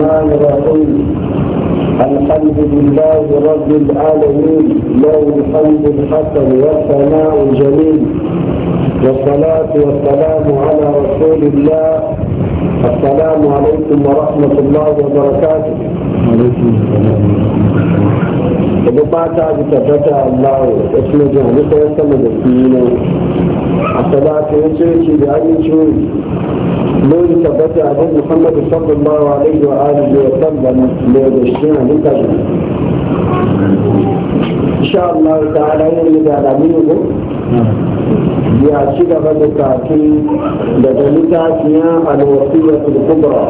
الرحمن الرحيم الحمد لله رب العالمين له الحمد الحسن والثناء الجميل والصلاة والسلام على رسول الله السلام عليكم ورحمة الله وبركاته وعليكم السلام وبعد فتاة الله اسمه جهنم يسمى الصلاة والسلام على رسول الله mun tabbata a duk Muhammad sallallahu alaihi wa alihi wa sallam da da shi na duka shi insha Allah ta'ala yin da da mu go ya ci gaba da kafi daga littafiya al-wasiyatul kubra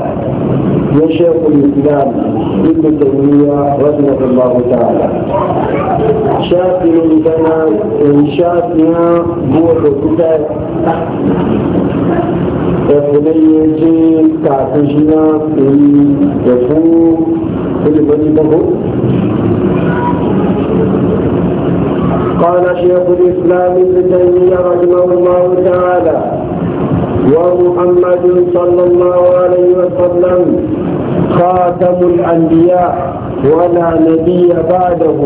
ya shaykh al-islam ibn taymiya rahimahullahu ta'ala shafi ne kana shafi ne buwa da ẹ̀fọ́lẹ́yẹ tí في náà pèlú ẹ̀fún olùbọ́dìbọ́kọ́ قال شيخ الإسلام ابن تيمية رحمه الله تعالى ومحمد صلى الله عليه وسلم خاتم الأنبياء ولا نبي بعده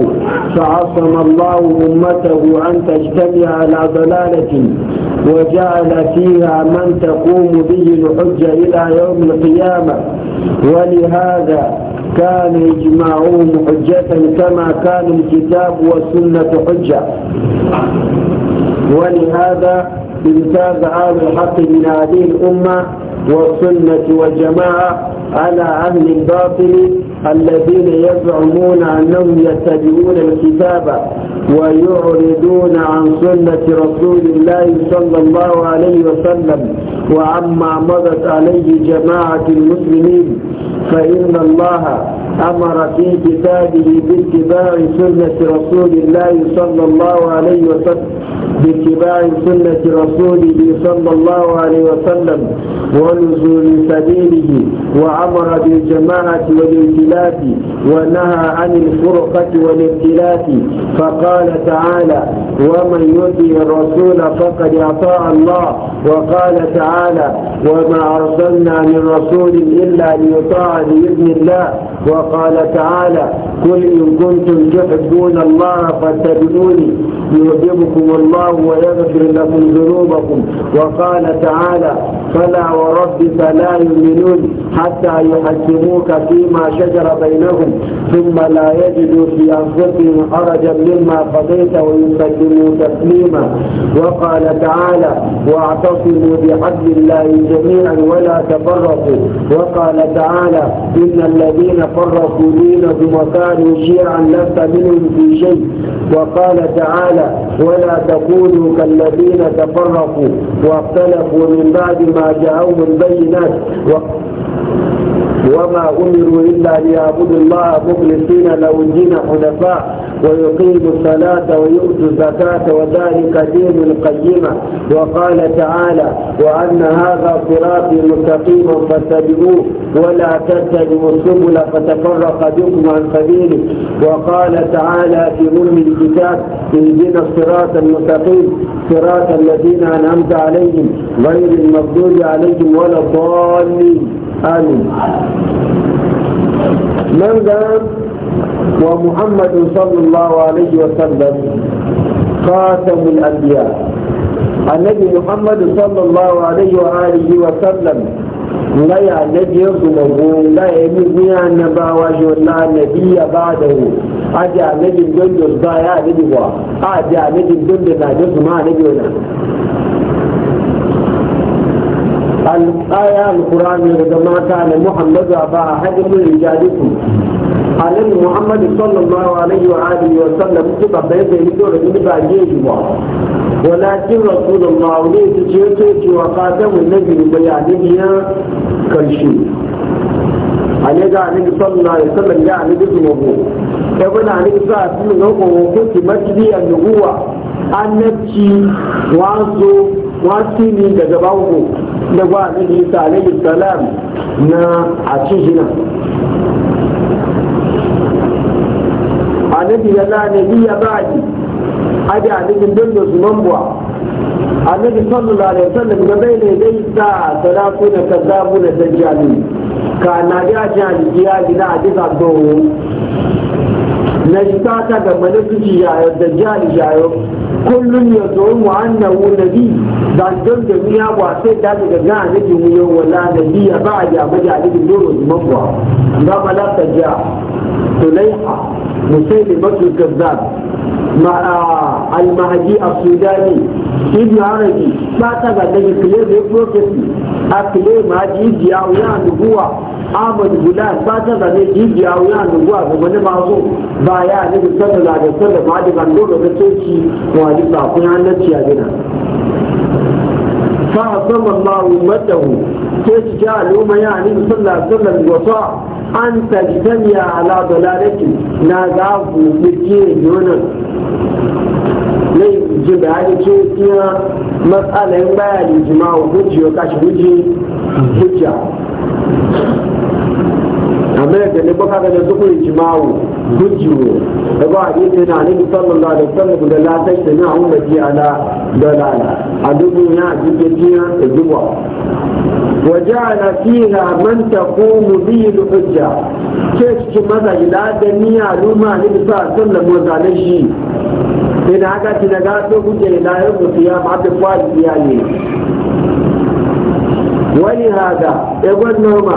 فعصم الله أمته أن تجتمع على ضلالة وجعل فيها من تقوم به الحجة إلى يوم القيامة ولهذا كان إجماعهم حجة كما كان الكتاب والسنة حجة ولهذا امتاز هذا الحق من هذه الأمة والسنة والجماعة على أهل الباطل الذين يزعمون أنهم يتبعون الكتاب ويعرضون عن سنة رسول الله صلى الله عليه وسلم وعما مضت عليه جماعة المسلمين فإن الله أمر في كتابه باتباع سنة رسول الله صلى الله عليه وسلم باتباع سنة رسوله صلى الله عليه وسلم ونزول سبيله وأمر بالجماعة والائتلاف ونهى عن الفرقة والائتلاف فقال تعالى ومن يؤتي الرسول فقد أطاع الله وقال تعالى وما أرسلنا من رسول إلا ليطاع الله بإذن الله وقال تعالى قل إن كنتم تحبون الله فاتبعوني يحببكم الله ويغفر لكم ذنوبكم وقال تعالى فلا وربك لا يؤمنون حتى يحكموك فيما شجر بينهم ثم لا يجدوا في أنفسهم حرجا مما قضيت ويسلموا تسليما وقال تعالى واعتصموا بحبل الله جميعا ولا تفرقوا وقال تعالى إن الذين فرقوا دينهم وكانوا شيعا لست منهم في شيء وقال تعالى ولا تكونوا كالذين تفرقوا واختلفوا من بعد ما جاءهم البينات و... وما أمروا إلا ليعبدوا الله مخلصين له الدين حنفاء ويقيم الصلاة ويؤتي الزكاة وذلك دين القيمة وقال تعالى وأن هذا صراطي مستقيما فاتبعوه ولا تتبعوا السبل فتفرق بكم عن سبيله وقال تعالى في أم الكتاب اهدنا الصراط المستقيم صراط الذين أنعمت عليهم غير المغضوب عليهم ولا الضالين آمين من ذا ومحمد صلى الله عليه وسلم خاتم الأنبياء النبي محمد صلى الله عليه وآله وسلم لا يا نبي يقول لا يمزني أن باواجه لا نبي بعده أجا نبي الدنيا يصدى يا نبي وا أجا نبي الدنيا لا ما نبي ولا الآية القرآن لما كان محمد أبا أحد من رجالكم annabi muhammad sallallahu alaihi wa alihi wa sallam su ba bai bai hito da ni ba je yi ba walakin rasulullah ne su ce ce ce wa khatamun nabi bayanin ya karshe ale ga annabi sallallahu alaihi wa sallam ya annabi su mako ya bana annabi sa su ne ko ko ki masjidi an nubuwa annabci wazo wasili daga bawo da ba annabi sallallahu alaihi wa sallam na a cikin annabi ya la ya ba'di aje a cikin da su mambuwa annabi sallallahu alaihi wasallam da bai ne dai sa salatu da kazabu da dajjali ka na ga jali ya gida a duka do na shi ta ta ga malaki ya dajjali ya yo kullun ya zo mu annabi nabi da don da mu ya ba sai da ga ga annabi mu yau wala nabi ya ba ya ba jali don da su mambuwa ga malaka ja tulaiha مسلمة الكذاب مع المهدي السوداني ابن عربي ما تبع النبي كلير بروفيسي أكلير مهدي إيدي أو يعني هو أحمد بلال ما تبع النبي إيدي أو يعني هو ومن معصوم بايا نبي صلى الله عليه وسلم هذا كان دور بسيتي وهذه صعبين عن نفسي أبنا فأصم الله أمته تشجع الأمة يعني صلى الله عليه وسلم وصاع an tajtamiya ala dalalati na ga ku yake yonan lai ji bayani ke tiya matsalayin baya lijima wa gujiyo kashi guji hujja amma da ne baka ga da zuku lijimawo gujewo da ba a yi ke cikin maza da niya luma ne ki sa sallan mu zane gujewa ne wani egon noma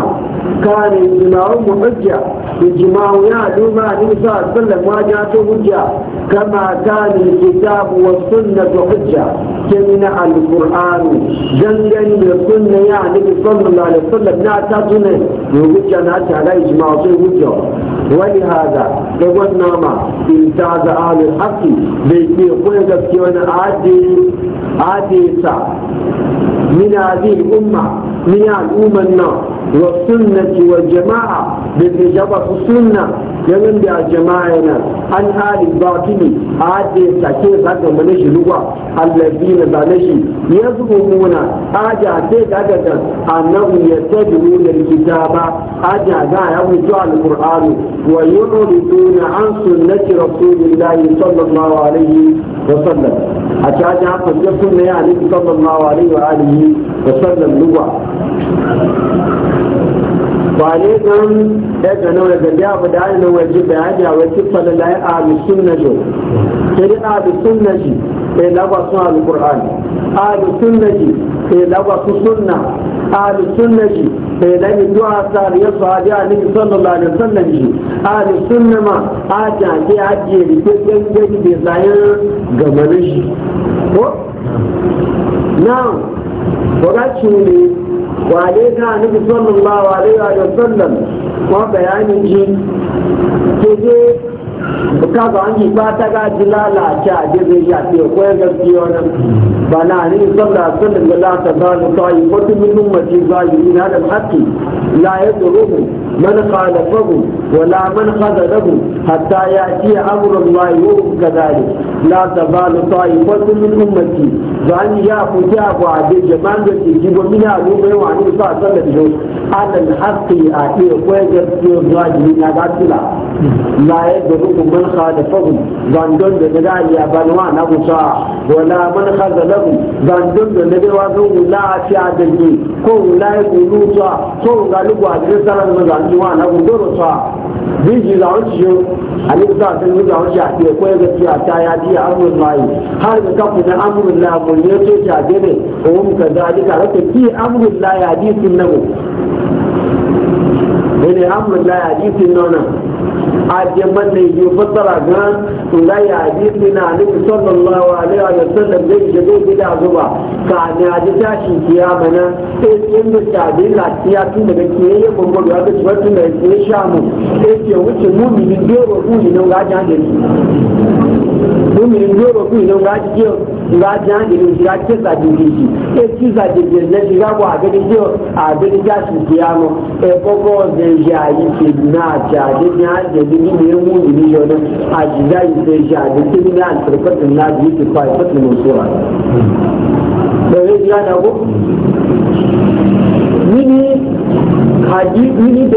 kare jimawar إجماع يعلم عن صلى الله عليه وسلم كما كان الكتاب والسنة حجة كمنع القرآن جنجا بالسنة يعني صلى الله عليه وسلم نعتاتنا وحجة نعتي على إجماع حجة ولهذا يقول نعمة امتاز آل الحق بيكي قوة كيوانا عادي عادي سا من هذه الأمة من الأمة النار والسنة والجماعة بالإجابة السنة yanzu da jama'a yana an halin ne a ajiye sake zaka mana shi ruwa allazi na zane shi ya zubo muna aja sai ga daga annabi ya tabiru da kitaba aja ga ya wuce alqur'ani wa yuriduna an sunnati rasulillahi sallallahu alaihi wa sallam a caja haka ya sunna ya alaihi sallallahu alaihi wa alihi wa sallam lugwa wane ɗan daga nan daga biya ba da hannun waje bayani a wajen falalai a bisun na jo sai dai a bisun na ji sai lagwa sun alƙur'an a bisun na ji sai lagwa su sunna a bisun na ji sai lami duwa sariyar su hadi a nufi sallallahu alaihi wasallam ji a bisun na ma a jaje a jiye da ke gangan da zayen gamanin shi ko now ba ga ne wale ta annabi sallallahu alaihi wa sallam kuma bayanin ji ke je ka ga an ji ba ta ga jilala ta je zai ya ce ko ya gaskiya wannan ba na ni sallallahu alaihi wa sallam da a ta zalu ta'i ko tun min yi zalimin hada haqqi la yadruhu من خالفه ولا من خذله حتى يأتي أمر الله وهم كذلك لا تزال طائفة من أمتي فأن يأخذ أبو عبد جمال وتجيب من أبو وعن صلى الله عليه وسلم على الحق أتي ويجب في الراجل لا يدرك من خالفه ظن دون دلالي أبنوان أبو صاح ولا من خذله ظن دون دلالي لا أتي عدل كون لا يقولوا صاح كون قالوا عدل سلام jiwa na gudoro sa biji za wuce yau alisa sun yi za wuce a ke kwaya gaskiya ta ya ji a amurin layi har da kafin na amurin layi mun yi ce ta gane ko mun ka za duka rasa ki amurin layi a ji sun nago. Bene amurin layi a ji sun nona. حاجه إيه، من يجي فطر ولا يعيد عليه صلى الله عليه وسلم ذي جدو بلا ظبا كان يعيد عشي يا منا ايه ان الشعبين لا تياتي نبكي ايه بمبر وابد شوارتنا ايه شامو ايه يوش المومي من دور وقولي نوغا جانجي mumin doro ku ne ga ji ga ji an dinu ga ce sa ji ji e ci sa ji ji ne ga wa ga ji jo a ga ji ja su ya mo e ko ko yi ti na ja de ni an de ni ne mu ni jo ne a ji ja yi de ja de ti ni an tr ko na ji ti fa ko ni so da ya ji na ko mini haji ni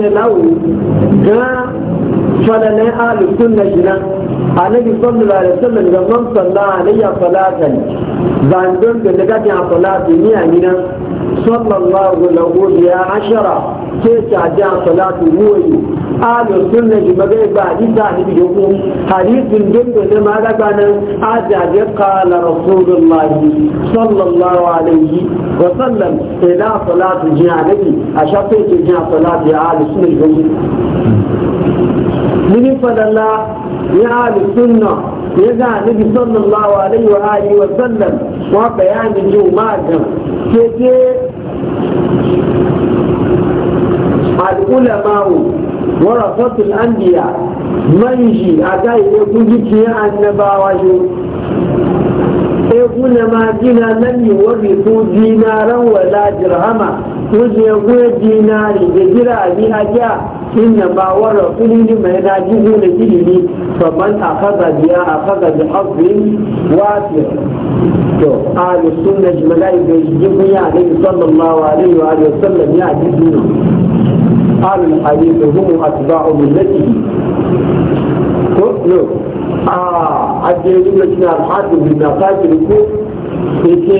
ne ga فلنا أهل السنة جنا النبي صلى الله عليه وسلم قال من صلى علي صلاة زاندون قلقات عن صلاة مئة منا صلى الله له بها عشرة تسعة عن صلاة موي أهل السنة جمعي بعد صاحب يقول حديث جنب لما كان عزيز قال رسول الله صلى الله عليه وسلم إلى صلاة الجنة النبي أشرت صلاة أهل السنة mini fadala ya ali sunna ya ga nabi sallallahu alaihi wa alihi wa sallam wa bayani jumaga ke ke al ulama wa rasatul anbiya manji aga ya kungi ke annabawa yo e kuna ma gina nan ni wani ko dinaran wala dirhama ko je go dinari da jira bi aja kinya ma wara kulili mai na jihu na ilimi faman a faza biya a da bi hasbin wafiya to ahlu sunna jimala'i bai shi kunya a sallallahu alaihi wa alihi wasallam ya ji duna ahlu hadith hum atba'u millati ko no a ajiyar da kina ko ke ke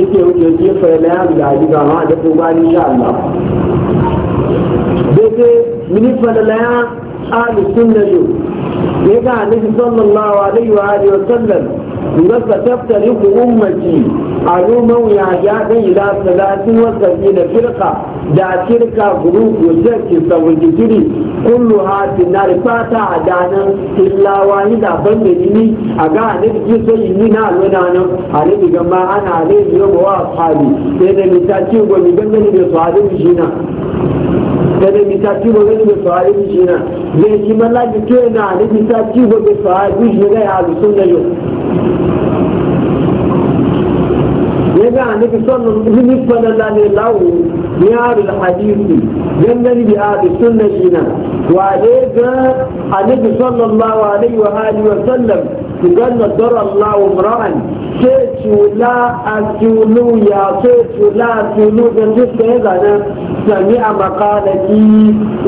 ke da ga da ko ba ni Allah mini falalaya ahli sunna ya ga annabi sallallahu alaihi wa alihi wa sallam idan ka taftari ku ummati a noman ya ya dan ila salatin wa da firqa da firqa group yuzar ki sabunci kiri kullu hati na rifata adana illa wahida banda ni a ga annabi ki so yi na lona nan ana alaihi wa wa sahabi sai da mitaci go mi gangani da sahabi shi gane bisa cibo gani da sahabi bi shi na zai ji mala ji ke na ne bisa cibo da sahabi shi ga ya alusun na yau ya ga ne bi sallan ibn fadalla ne lawo ya bi hadisi gangani bi alusun na shi na wa ne ga annabi sallallahu alaihi wa alihi wa sallam قال ضر الله امرأ sai cula a culu ya sai cula a culu da duk da ya sami a makalaki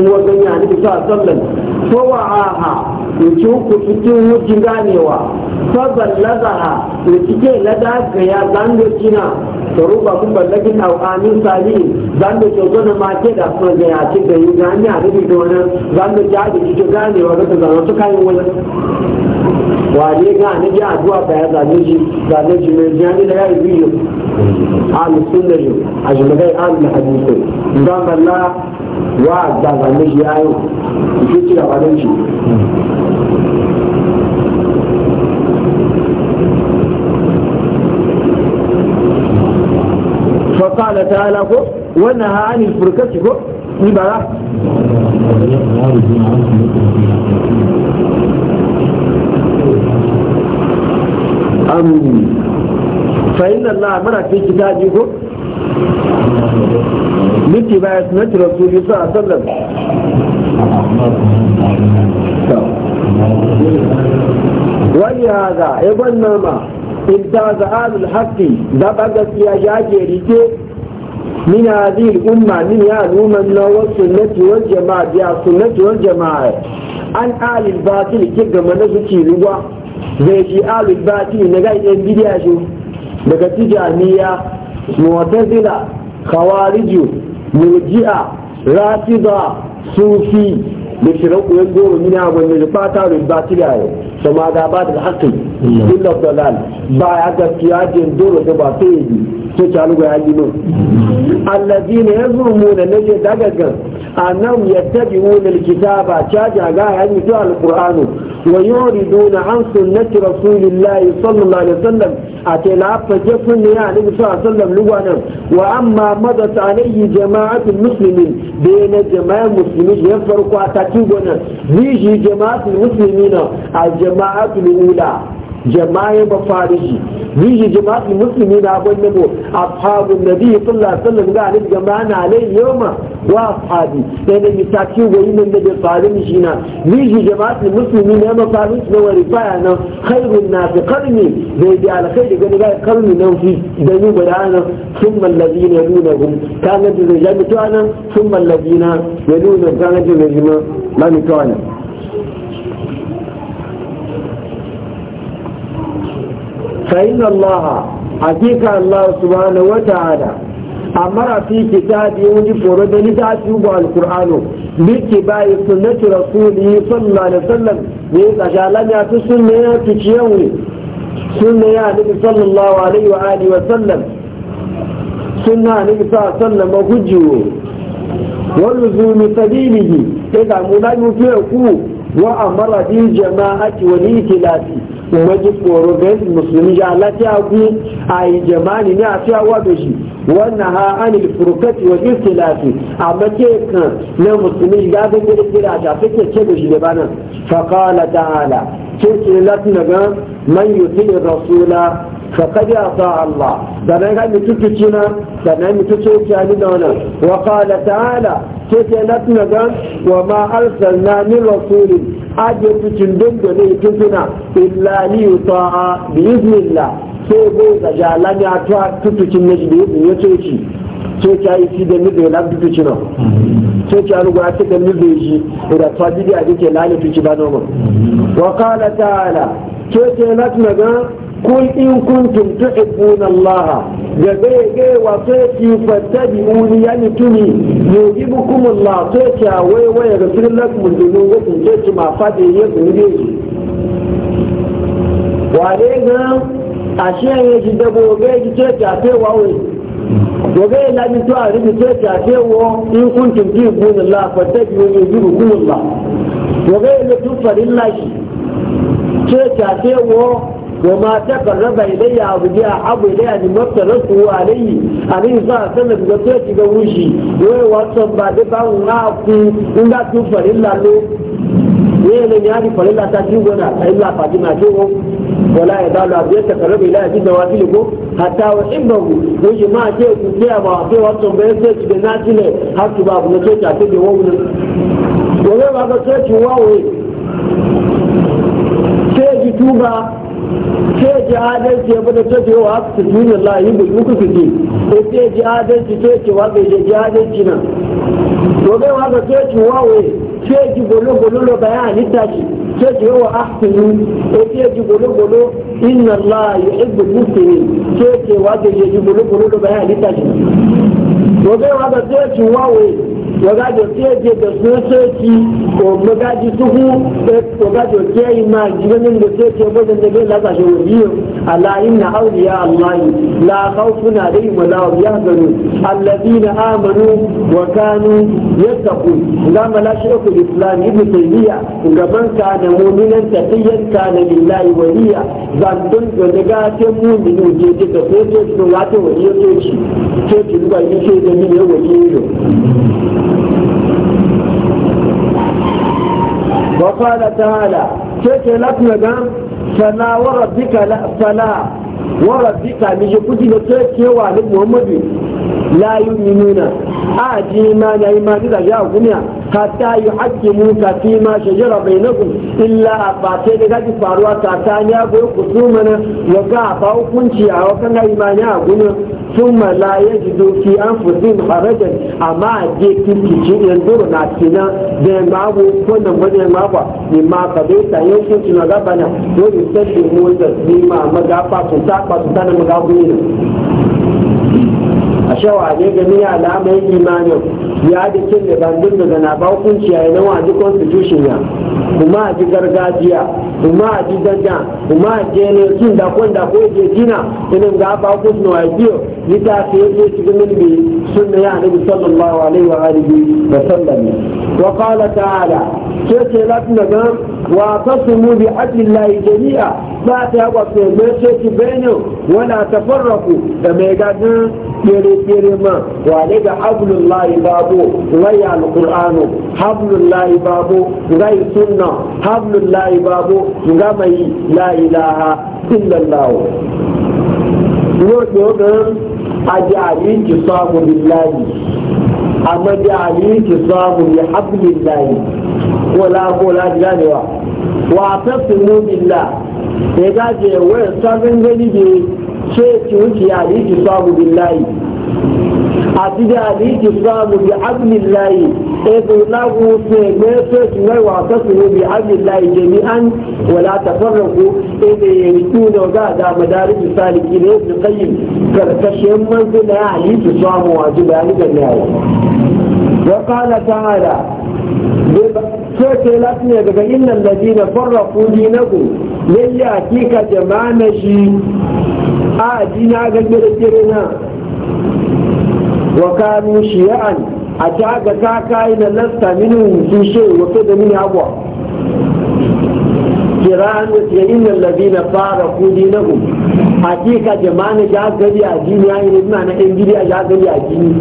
wa ganya ne bisa sallan ko a ku cikin wujin ganewa fabal lazaha da cike lada ga ya zango kina da ruba kun ballakin aukamin sali zango ke zuwa da make da suna ga ya da yi gani a rubi da wani zango ya da cike ganewa ga zama su kayan wani wale ga ni ji addu'a ba ya zane shi zane ne ji jani da ya yi biyu a musulmi a jimagai an hadisi hadisai zan balla wa daga mai yayo ke cira wajen shi fakala ta ala ko wannan hannun furkaci ko ni bara فإن الله أمرك في كتابه duk baya sun haci rasuli su a sallar wani ya ga ibon nama in ta za a zil haƙi da ɓaga siya ya ke rike min azil umma min ya zuman na wasu na tiwon jama'a biya su na jama'a an alil batil ke gama na su ci zai ci alil batil na ga ɗan bidiya shi daga tijaniya mu'tazila khawariju murji'a rafida sufi da shirin koyon goro ni na gwamnati da fata da ba ta yau sama ga ba da haƙƙi illa dalal ba ya gaskiya jin dole da ba ta yi to ci alugu ya yi nun allazi ne ya zurmu da na dagagan a nan ya tabi wunin kitaba caja ga ya yi to alkur'anu wa yori duna an sunnati rasulillahi sallallahu alaihi wasallam a ce na fage sunni ya alaihi sallam lugwanan wa amma madat alaihi jama'atul muslimin bayan jama'ar musulmi ya farko a takin gonan zai jama'atul muslimina a jama'atul ula jama'a ba fariji yiji jama'atul muslimi na abun nabo ashabun nabi sallallahu alaihi wasallam ga alif jama'a na alai yoma wa ashabi sai da misaki goyi nan da farin shi na yiji jama'atul muslimi na mafarin na wari baya nan khairun nas qarni zai da alkhairi gani ga qarni nan fi da ni bayana thumma alladhina yalunhum kana da zai ga to anan thumma alladhina yalunhum kana da zai ma mani to anan فإن الله حقيقة الله سبحانه وتعالى أمر في كتاب كتابه ونفر لتعجب القرآن باتباع سنة رسوله صلى الله عليه وسلم لأجعلنا يأتي سنة تشيوي سنة النبي يعني صلى الله عليه وآله وسلم سنة النبي يعني صلى الله عليه وسلم وجهه ولزوم سبيله إذا ملائم فيه wa amara bi jama'ati wa litilafi kuma ji koro ga musulmi ja lafiya ku a yi jama'ani ne a awa da shi wannan ha anil furkati wa litilafi a mace kan na musulmi ga ga gida gida ta take ce da shi da bana fa qala ta'ala ce ce latin daga man yuti rasula فقد أطاع الله دانا قال متوتشنا دانا متوتشنا لنا وقال تعالى كتلتنا قال وما أرسلنا من رسول أجل تشندن دوني تفنا إلا ليطاع بإذن الله سيبو تجعلني أتوى تتشنا بإذن يتوشي sai ta yi fi da ni da yana duka ci nan sai ta rugu a cikin ni da shi da ta bidi a duke lalafi ci ba noman wa qala ta'ala ke ce na tunaga قل إن كنتم تحبون الله جبيجي وصيتي فاتبعوني يعني تني يجيبكم الله صيتي أوي ويغفر لكم ذنوبكم صيتي ما فاتي يغفر وعليها أشياء يجب وغير صيتي أتي وعوي وغير لم تعرف صيتي أتي إن كنتم تحبون الله فاتبعوني يجيبكم الله وغير لتفر الله صيتي أتي وأوي وما تقرب إلي عبدي أحب إلي أن مفترضه عليه عليه صلى الله عليه وسلم قوشي ويوصل بعد بعض أعطي إن لا تفر إلا له ويلن يعني فلله تجيبنا إلا فاطمة جوه ولا يزال عبد يتقرب إلى أبي نوافله حتى أحبه ويجي ما جاء كتير وعطيه وصل بيسج بناتله حتى بعض نسيت أعطيه وولن ويوم هذا سيت واوي سيجي توبا ke ji adalci ya bada ce wa su duniya Allah yi bai muku fiti ko ke ji adalci ke ji wa bai ji adalci na to bai wa ga ce wa we ce ji bolo bolo lo bayani ta ci ke ji wa ahsinu ko ke ji bolo bolo inna Allah yuhibbu al-muslimin ke ce wa bai ji bolo bolo lo bayani ta ci to bai wa ga ce wa we wagajo keje da sosoci ko magaji suhu ko e gajo ke ima jibanin da soce wajen da ke lasa shi wajiyo ala inna awliya allahi la khawfun alaihim wa la hum yahzanun alladhina amanu wa kanu yattaqun ga malashaiku islam ibn taymiya gaban ka da mu'minan taqiyan ka da lillahi waliya zandun da daga ce mu'minu je da soce ko wato waliyo ce ke ki ruwa yake da ni ne waliyo وقال تعالى كيف لكنا فلا وربك لا فلا وربك نجي كتب كيف يوالد محمد لا يؤمنون a ji ma na yi ma dida ya gumiya ka ta yi hakki mu ka fi ma shajara bai na ku illa a fafe da gaji faruwa ta ta ni ya goyi ku su mana ya ga a fa hukunci a wakan ma ni a gumiya sun ma la ya ji doki an fuzin harajar amma a je kirkici yan duru na kina da ya mabu ko da wani ne ma ka bai ta yi kun na gabana dole sai da mu da ni ma magafa su ta ba su ta na ga ne a shawa ne ga alama alamar imanin ya da kin da bandun da na ba hukunci yayi na waje constitution ya kuma a ji gargajiya kuma a ji danja kuma a je ne kin da kun da ko je jina irin ga ba ku no biyo ni ta ce ne cikin min bi sunna ya annabi sallallahu alaihi wa alihi wa sallam wa qala ta'ala ke ce latin daga wa mu bi adlillahi jami'a ba ta ga sai mai ce ki bayyana wala tafarraku da mai gadin yare girma wa da ga hablun layi babu layi alkur'anu hablun layi babu layi sunna hablun layi babu ga mai layi laha illallahu yau ke a ji abinci samu billahi amma ji abinci samu ya hablun layi wala kola ji ganewa wa tasimu billah ya gaje wa sabin gani ne sai ki wuce ya billahi àti bí àdìsí sáàmù bí abdullahi ètò ìlàgùn òfin ẹgbẹ́ fẹ́ẹ̀sì mẹ́wàá àtọ́sùnú bí abdullahi jẹ̀mí án ètò àmàdárí ní ètò kẹyìn karkashin manzila sáàmù àti bí وقال تعالى daga innan ladina farrafu dinakum lalle jama'a shi wa kanu shi'an a ta ga ta kai da lasta minin su she wato da mini abuwa kiran da ke inna ladina fara kudi na ku hakika jama'a ja gari a jini ya yi na na ɗan gidi a ja gari a jini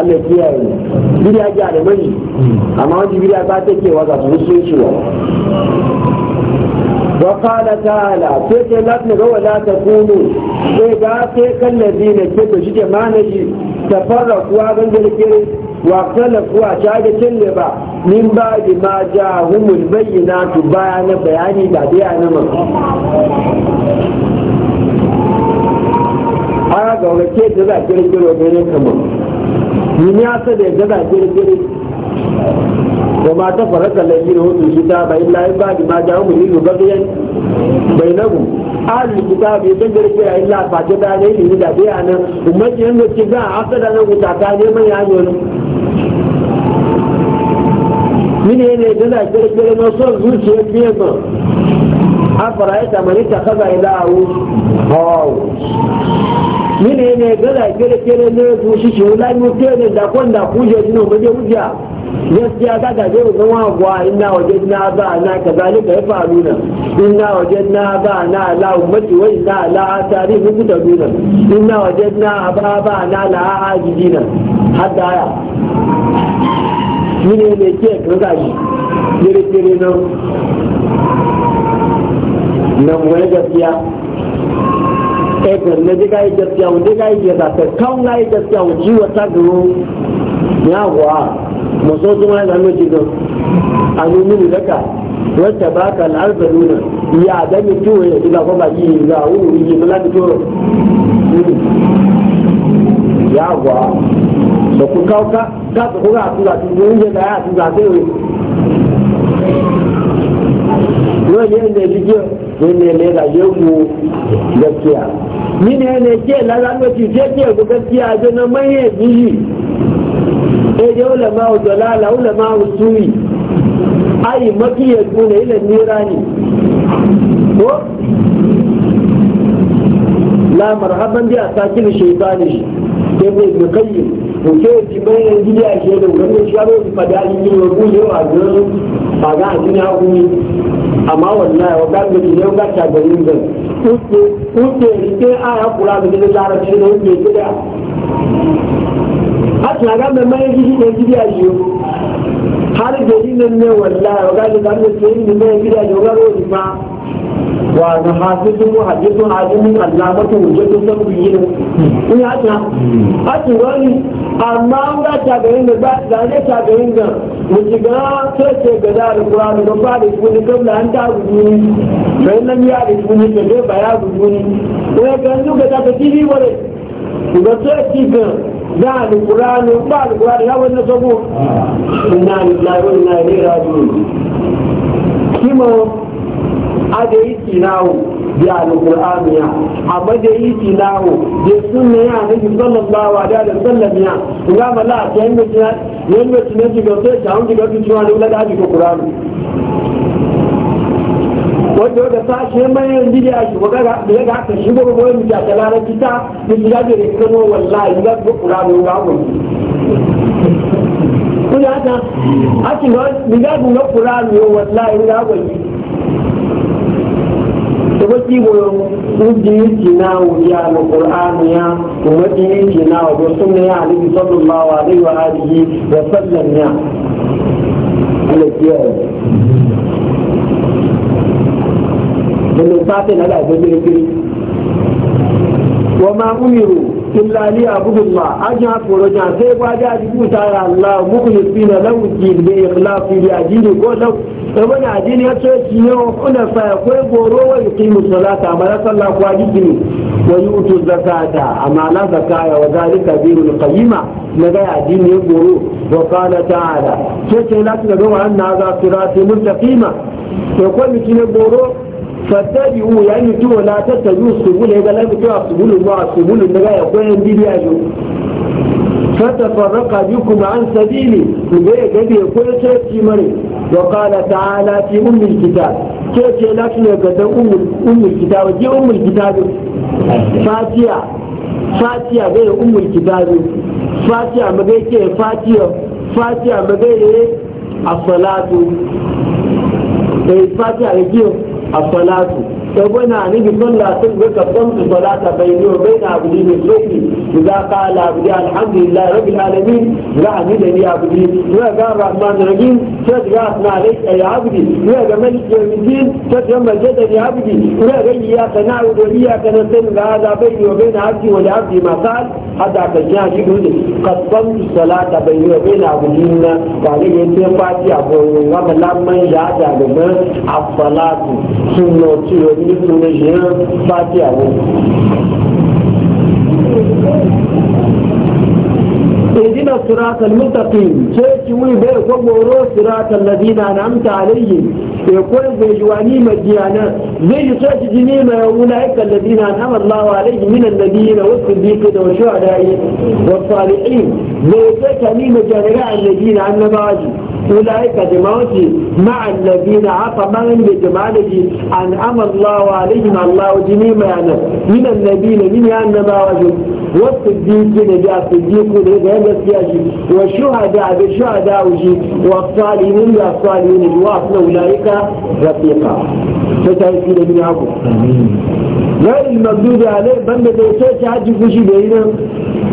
Allah kiyaye ne gidi a ja mani amma wani gidi a ba ta ke waza su sun وقال تعالى كيف لكن لا تكونوا إذا كيف الذين كيف شجع ما نجي تفرقوا عن ذلك واختلفوا شاهد كلبا من بعد ما جاءهم البينات بيان بياني بعدي أنا aga wani ke da za a kirkiro ne kamar ni ya sa da kirkiro wa ma ta faraka lafi da hutun shi ta illa in ba ma ja mu yin ba biyan bai nagu ahli kitab illa ba ta da ne ni da biya nan umman yin da da ta ne mai hanyo ne ni ne ne da na garke so zuciya biya ma a fara ya ta mani ta kaza ila awu hau ni ne ne da na garke na so shi da kon da kuje ni no wuja gaskiya ka ta ce zan wa gwa inna waje na ba na ka zalika ya faru na inna waje na ba na la ummati wa inna la asari muku da duna inna waje na ba ba na la ajidina da ya mine ne ke kaza shi kire kire nan nan wani gaskiya e ne diga yi gaskiya wani diga yi gaskiya kan na yi gaskiya wani jiwa ta gano ya wa maso kuma ya zama gidan a nuni daga wata ba ka al'arza nuna ya da mutuwa ya ila ko ba yi za a wuri yi mala mutuwa ya gwa da ku kawo ka ka kuka da ya su zafi wuri yau yi da jike ne ne da mu gaskiya ni ne ne ke lalata ce ce ku gaskiya manyan sai dai ulama dalala ulama usuli ai mafi ya tuna ila nira ne ko la marhaban bi asakin shaytani shi sai bai mu kayyim ko ke ji bayan gidiya shi da wannan sharo da ne wa ku yawa ga ba ga ajina ku amma wallahi wa ga gidi ne ga ta garin da kuke kuke rike aya kula da larabci ne ke gida hati na gamba mai gidi ne gidi a yiwu har da yi nan ne wallahi wa gaji da hannun sai ne mai gidi a yiwu ga rodi ma wa na hafizu mu hadisu hadimin Allah mata wuce tun san biyi ne in ya ta hati wani amma an ga ta ga yin da ba ne ta ga yin da wuce ga sai ga da alƙur'ani ga ba da kuni kabla an ta gudu ne sai nan ya da kuni ga ba ya gudu ne ko ga ga ta ta tibi bare ga sai ki ga da alƙur'ani ba alƙur'ani ya wani sabo ina lillahi wa ilaihi raji'un kima alƙur'ani ya amma yi sunna ya sallallahu alaihi wa sallam ya ga mala ta sai ta ga da alƙur'ani wanda da sashe mai yin bidiya shi waga da ya gata shi gobe gobe mu jaka lara kita da shi gaje da kano wallahi ga ko kuranu ga wani kuma ta a ga mi ga ga kuranu wallahi ga wani da baki goyo uji na wuya na qur'ani ya kuma yake na wa sunna ya ali sallallahu alaihi wa alihi wa sallam ya Allah nínú sáfẹ́ náà láì gbẹ́gbẹ́ kiri wọ́n máa ń yòrò illa ní àbúrò mà ájú àfòròjà ṣé wájú àdìgbò sára ya òmùkùnrin sí iná ko jì ní ìfúnná fìdí àdínì kó lẹ́wọ̀n ẹ̀wọ́n ní àdínì ẹ̀tọ́ ko yẹn ó nà fà ẹ̀kọ́ ẹ̀gbọ́ owó ìkí mùsùlá ko lásánlá kó àdìgbì wọ́n yóò tó zakata àmà aláàzàká ẹ̀wọ̀ dárí kabiru kàyímà lẹ́gà àdínì ẹ̀gbọ́rò wọ́kálẹ̀ tààlà ṣé ko láti lọ́wọ́ àná fattabi'u yani to la tattabi'u subul ga la tattabi'u subul ma subul daga ya koyan bidiya jo fatafarraqa bikum an sabili kuje gabe ko ce ci mare wa qala ta'ala fi ummil kitab ke ce la tuna ga da ummul ummul kitab je ummul kitab fatiya fatiya ga ummul kitab fatiya maga yake fatiya fatiya maga yake as-salatu eh fatiya yake as-salatu sabana nabi sallallahu alaihi wasallam ka kamtu salata bayni wa bayna abdi bi إذا قال عبدي الحمد لله رب العالمين لا عميد لي عبدي وقال الرحمن الرحيم تدرى أثناء عليك يا عبدي وقال ملك يوم الدين تدرى مجد يا عبدي وقال إياك نعبد وإياك نستعين هذا بيني وبين عبدي ولعبدي ما قال حتى كجنا شكرا قسمت الصلاة بيني وبين عبدينا وعليه يتين فاتي أبو وما لما يجعد عبدنا الصلاة سنة سنة سنة فاتي أبو اهدنا الصراط المستقيم شيخ وي بي كوغورو صراط الذين انعمت عليهم يقول جواني مديانا زي شيخ جنيما اولئك الذين انعم الله عليهم من النبيين والصديقين والشهداء والصالحين زي شيخ جنيما جنراء الذين عنا نباجي أولئك جماعتي مع الذين عطى من بجمالتي أنعم الله عليهم الله جنيما يعني من النبيين من يعني نباجي والصديقين جاء الصديقون إذا هم السياجي والشهداء بالشهداء وجي والصالحين والصالحين الواصل أولئك رفيقا فتأتي من عبو غير المبدود عليه بند تيسيتي حج فشي بينا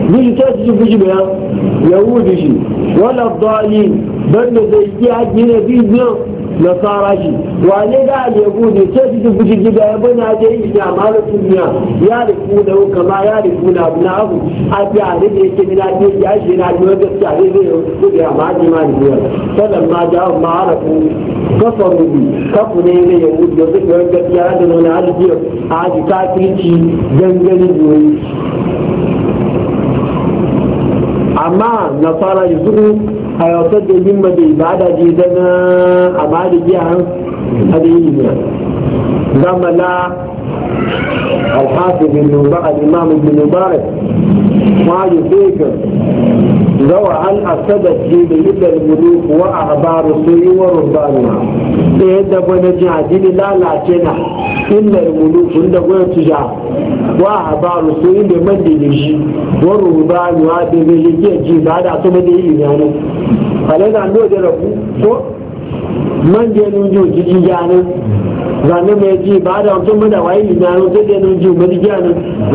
مش تيسيتي فشي بينا يهودي شي ولا الضالين بند تيسيتي حج هنا بينا nasara shi wane da ne ce su ji buji gida ya bana je yi da mara duniya ya riku da kama ya riku da abu na abu a fi a rike yake mina ke ya shi na biyo da zai yau su da ma ji ma biyo sannan ma ja ma ku kafa rubi kafu ne ne yahudi da su ga gaskiya da nuna a arziki a ji kafirci gangani biyu amma nasara yanzu a da yin ba bai ba da je dana a ba da giya a da yi ne zamala الحافظ بن الإمام بن مبارك ما يفيك لو عن أسدت في بيت الملوك وأخبار السوء ورهبانها إذا بنجي عدل لا لا تنا إلا الملوك إلا بنتجا وأعبار السوء لمن دلشي ورهبانها بمجي يجي بعد أصبح دليل يعني فلنا نودي ربو man je nun ji janu zane mai ji ba da wato bada waye ni janu to je nun ju madi ji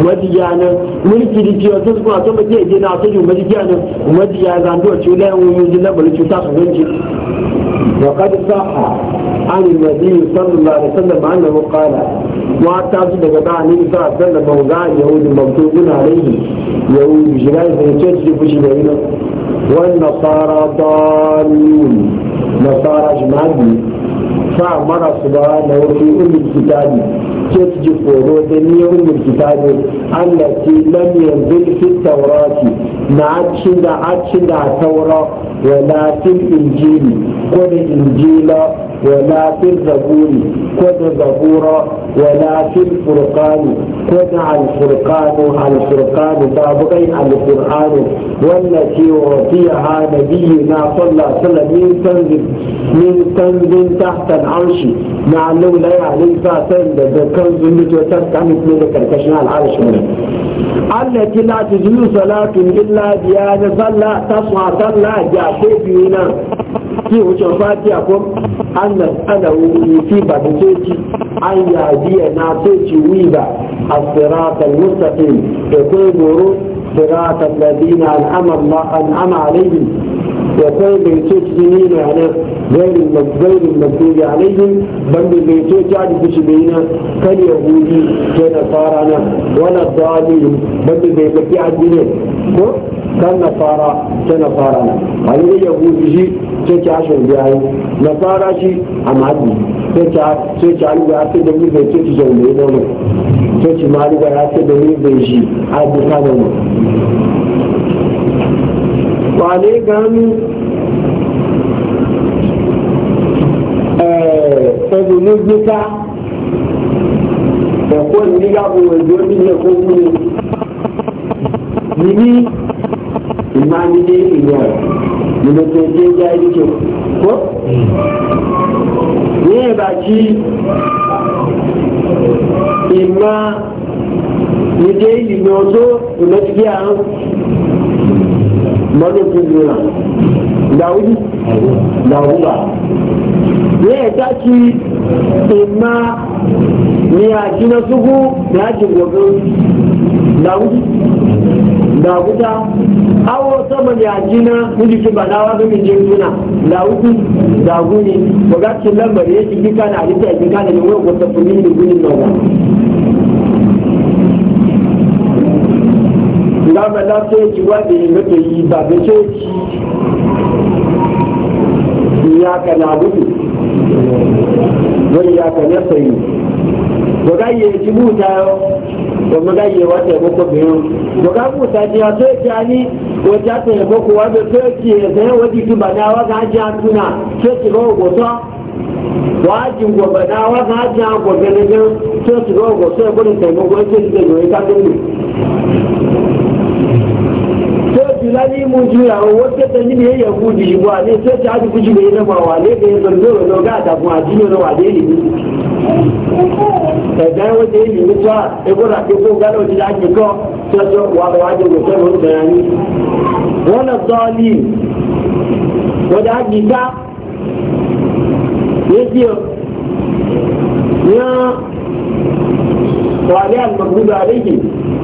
madi janu mulki di ciyo to kuma to ji je na ji ju madi janu madi ya zan do ci da mu yi na bali ci ta su ganci wa qad saha an nabi sallallahu alaihi wasallam annahu qala wa ta su daga ba ni sa sallallahu alaihi wasallam yahudi mabtubun alaihi yahudi jirai da ce ci fushi da ina wannan nasara dalun نصارى اجمعين فامر سبحانه في ام الكتاب تسجد فروض من ام الكتاب التي لم ينزل في التوراه نعتشن دا عتشن دا تورا ولا في الإنجيل كل إنجيلا ولا في الزبور كل زبورا ولا في الفرقان كل الفرقان على الفرقان تابقي على القرآن والتي وفيها نبينا صلى الله عليه وسلم من تنزل من تنزل تحت العرش نعلم لا يعلم فاتن ذكر ذنبت وترك عن مثل ذكر العرش منه allati la tujlu salatun illa biya da salla taswa salla ja ko biyu na ki wuce fatiha ko annas ana wuri fi ba da soci an yadiya na soci wiba as-siratal mustaqim da kai goro siratal ladina an'ama an'ama alaihim وكوي بيتوت جنين على غير غير المكتوب عليهم بل بيتوت عاد بشبينا كاليهودي كنصارانا ولا الضالين بل بيتوت عاد kan nasara ta nasara na wani da yahudi shi ce ki ashin biyayi nasara shi a maɗi ce ki aliga ya ce da ni bai ce ki bai shi a wane gano ẹ̀ẹ́dùnú eh, gbígbá ẹ̀kọ́ nígbàgbọ́ ẹ̀dùn onílẹ̀ kó mú ni ní ìmánidé ìlú ẹ̀ nínú tó dé já ìjọ kó ní ìbàjí ìmá ìdé ìlú ọjọ́ ìmọ̀tíkí àrùn malofin nuna dawudi dawuba ne ya tashi imma miyaji na sugu da yajin gobe dawudi dawuda awo sama miyaji na mulki balawa ga min jirgina dawudi dawuni ba ga cikin lambar ya shi gika na alita ya gika da ne wani kwata fulmin da gunin nawa ìgbàmọ láti èjì wáde mẹtẹ yìí bàbá tó èjì ìyá kàná àbúrò wọn ìyá kàná sẹ́yìn bọgá yẹ èjì bùtà yọ bọgá yẹ wá tẹ ẹkọkọ bẹ́ẹ̀ bọgá bùtà ni àtọ ta àní wọjà tẹ ẹkọkọ wà bẹ tó èjì ẹsẹ wọn ti tu bàtà wà kà á jẹ àtúnà tó wajin gobe na a gobe na biyu gudun taimako yi lani mun juya wata ta ni ne ya gudu wa ne sai ta ji kuji bai na mawa ne da ya da ga kuma ji ne wa ne ne ta ga wata yi ne ta e gora ke ko ga wata da ake ko ta so wa da waje ko sai mun bayani wala zalim wada gita yake ya wali al-maghdub alayhi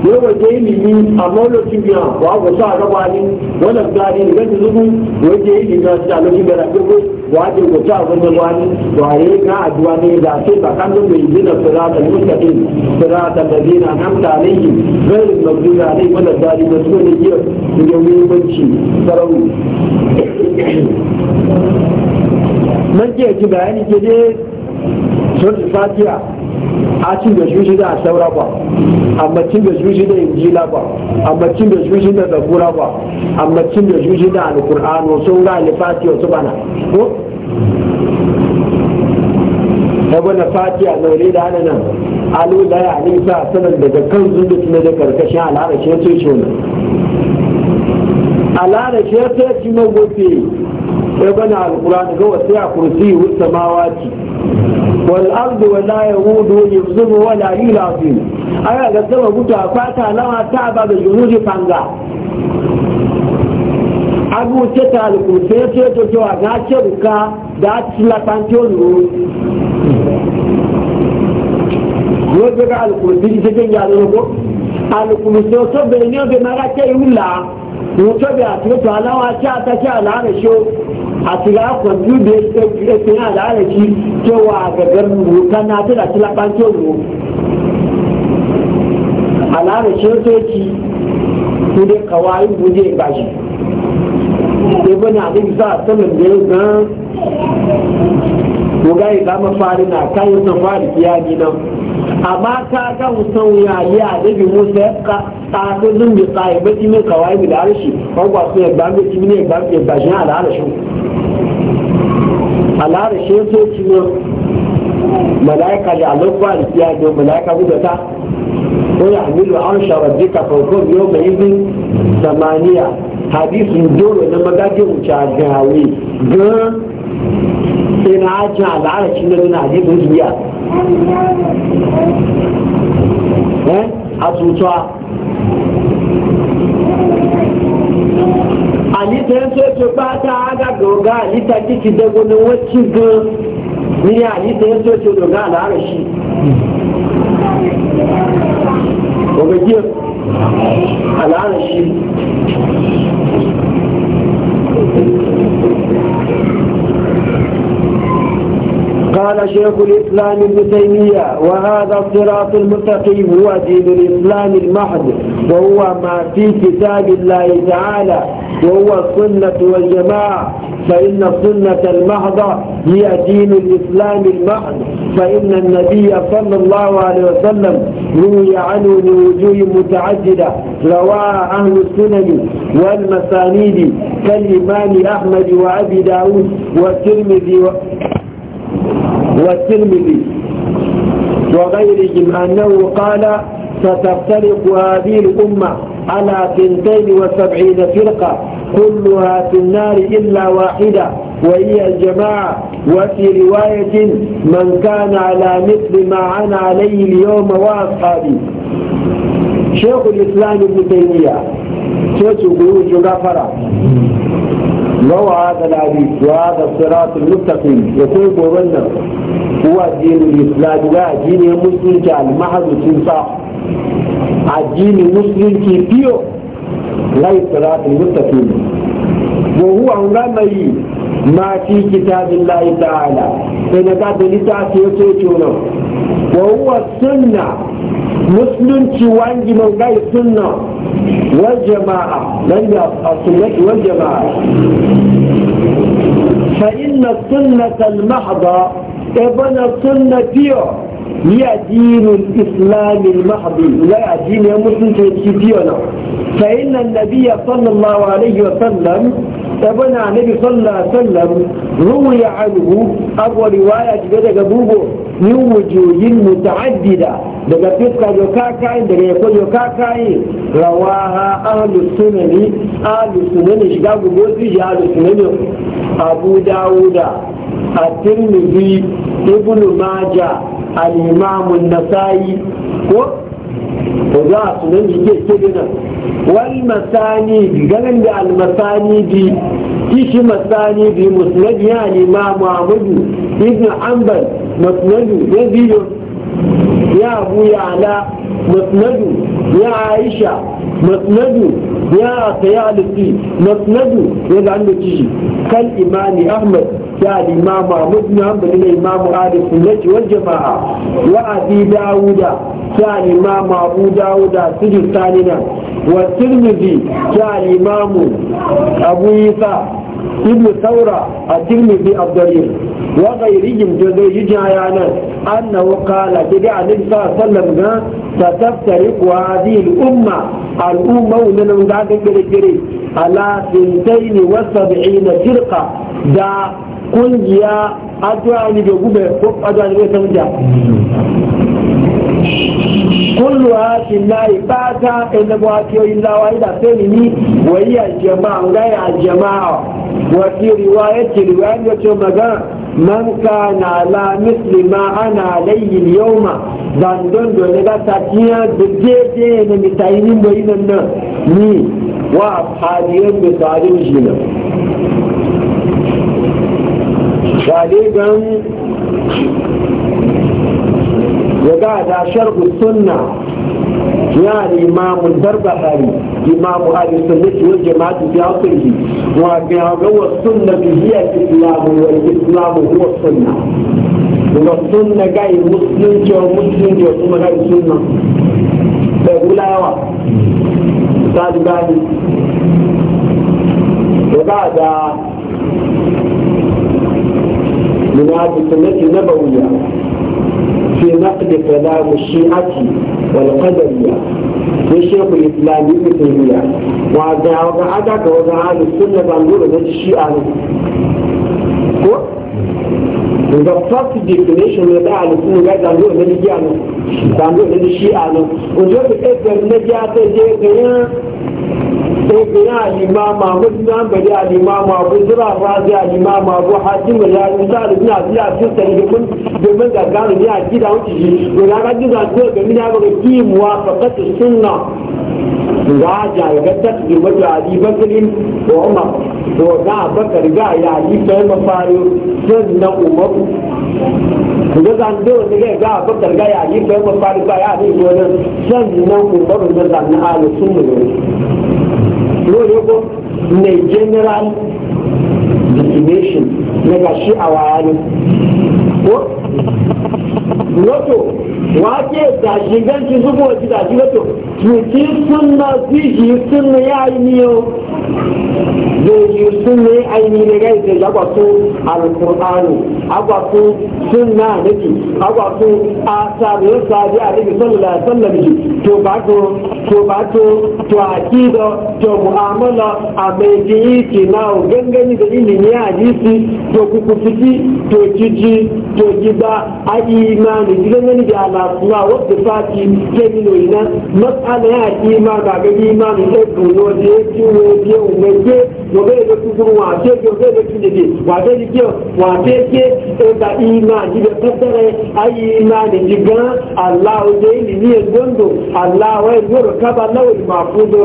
yau ba yi ilimi amma lokacin biya wa ga sa raba ni wala gari ga ji zubu wa yi ilimi na a lokacin da rabu ko wa je ko ta ga da wani wa ye ga addu'a ne da sai ba kan da mai jina sirata mustaqim sirata da an'amta alaihim ghayr maghdubi alaihim wala gari da su ne jiya da bacci sarau man ke ji bayani ke ne sun fatiha a cin da juji da a saura ba amma cin da juji da injila ba amma cin da juji da zabura ba amma cin da juji da alkur'ano sun ga alifati wasu bana ko ta na fatiya zaure da hana nan alu da ya nisa sanar daga kan zundutu na da karkashin al'arashe ce ce wannan al'arashe ce ce na gofe sai bana alqur'ani ga wasu ya kursi wal ardu wa la yaudu fata lawa ta mutu bi a ti to alawa ki a ta ki al'ada shi a ti ga kwanju da ya ke yi al'ada shi wa ga garin rubuta na ta da ki laɓan ke ru al'ada shi to ki ku kawai buje ba shi sai bane abin za a sanin da ya zan ku ga ya zama fari na kayan safari ni na. amma ka ga mutum ya yi a dabi musa ya ka zun da tsaye ba mai kawai bi da harshe kwakwa sun ya gbambe kimin ya gbambe ya shi ala harshe ala harshe so kimin malaika da alokwa da kiya da malaika guda ta wani amilu an shawar jika farkon yau mai izin samaniya hadisun doro na magajin wuce a gawe sai na ajin al'arashi na nuna hadisin jiya Eh? asusuwa alita ya so ce ba ta haga doga alita kiki da wani wacce ga ni alita ya so ce doga shi shi قال شيخ الإسلام ابن تيمية وهذا الصراط المستقيم هو دين الإسلام المحض وهو ما في كتاب الله تعالى وهو السنة والجماعة فإن السنة المحضة هي دين الإسلام المحض فإن النبي صلى الله عليه وسلم روي عنه من وجوه متعددة رواها أهل السنن والمسانيد كالإمام أحمد وأبي داود والترمذي والترمذي وغيرهم أنه قال ستفترق هذه الأمة على ثنتين وسبعين فرقة كلها في النار إلا واحدة وهي الجماعة وفي رواية من كان على مثل ما أنا عليه اليوم وأصحابي شيخ الإسلام ابن تيمية شيخ قيوش غفرة روى هذا الحديث وهذا الصراط المستقيم يقول قولنا هو دين الإسلام ودين المسلم كالمحض تنصى الدين المسلم كيبيو لا يصراط المستقيم وهو عمري ما في كتاب الله تعالى إن قد لتعطي وتيتونه وهو السنة مسلم وانجي من غير السنة والجماعة لن السنة والجماعة فإن السنة المحضة ebona sunna biyo ya ya ci biyo na ta yi nan nabiya sallallahu alaihi wa sallam ebona nabi sallallahu alaihi wa sallam ruhu ya anhu abuwa riwaya jibe daga bugu ni wujoyin muta'addida daga fiska yau ka kayi daga yako yau ka kayi rawaha ahlu sunani ahlu sunani shiga gugu su yi ahlu sunani abu dawuda الترمذي ابن ماجه الامام النسائي وجاء سنن يجي كده والمسانيد قالن دي ايش دي مسند يا الإمام أحمد ابن حنبل مسند يزيد يا ابو يعلى مسند يا عائشة مسند يا سيالتي مسند يا عندك شيء كالإمام أحمد يا الإمام أحمد بن إلى إمام آل السنة والجماعة وأبي داوود يا الإمام أبو سجل سجستاننا والترمذي يا الإمام أبو عيسى ibn saura a tirmidhi abdarin wa ghayrihim da zai yi jayana annahu qala bi da annabi sallallahu ta taftari wa hadhihi al-umma al-umma wannan da ga gare gare ala 72 firqa da kungiya adwani da gube ko da samja kullu ha shi na ibata ɗan da buwa kiyoyin lawa idan ni ni wayi a jama'a wuri a jama'a wasi riwayace riwayar ce magana man kana la misli ma ana layyin yawma zandon da ne da tafiya da jeje ne mutane bai nan nan ni wa haliyar da tsarin shi nan shade gan ya ga da sharhu sunna ya imam al-barbahari imam al-sunnah wal jama'ah fi asrihi wa bi hawa sunnah hiya al-islam wal islam huwa sunnah wa sunnah gai muslim jo muslim jo kuma gai sunnah da gulawa sadu gani da da من هذه السنة النبوية في نقد كلام الشيعة والقدرية والشيخ الإسلام ابن تيمية وهذا وضع عدد وضع أهل السنة بنقول ده الشيعة in the first definition ne da alisun ga zango na jiya no zango na shi ano o jo ke e na ja te je ga ɗaya al'imama abu zambari al'imama abu zura razi al'imama abu hajjimu ya yi sa da suna fiya sun sani domin domin gagaru ne a gida wuce shi to na ga gida ko ga mina ga kimuwa fakatu sunna waja ga tasbi wata ali bakrin wa umar to ga bakar ga ya yi sai mafari sunna umar ga zan do ne ga ga bakar ga ya ali sai mafari ga ya ali gonan sunna umar da zan na alu sunna dole ko general definition na gashi a wayani ko loto wake da shi shiganci zubo wa da shi loto tuki sunna fi shi sunna ya yi niyo zai sun ne aini ne gai zai agwasu alkur'ani agwasu sunna nabi agwasu asar ya sabi a nabi sallallahu alaihi wasallam ji to ba to to ba to to akida to mu'amala a mai jiyi ki na gangani da ilimi a hadisi to kukufiti to kiji to gida a imani gangani da alasuwa wadda fati ke nilo ina matsala ya imani ga ga imani ɗaya tuno ya ciwo ya umarce wàbẹ́rẹ́ wa kúkúrú wọn àti wa wàbẹ́rẹ́ bẹ kúndèdè wàbẹ́rẹ́ ké wàbẹ́ ké ẹ̀ka ìmọ̀ àdìbẹ̀ pẹ́pẹ́rẹ́ ayé ìmọ̀ àdìjì gan aláwọ̀ dé ìlú ẹ̀gbọ́ndò aláwọ̀ ẹ̀gbọ́rọ̀ kábà náwó ìmọ̀ àfúndò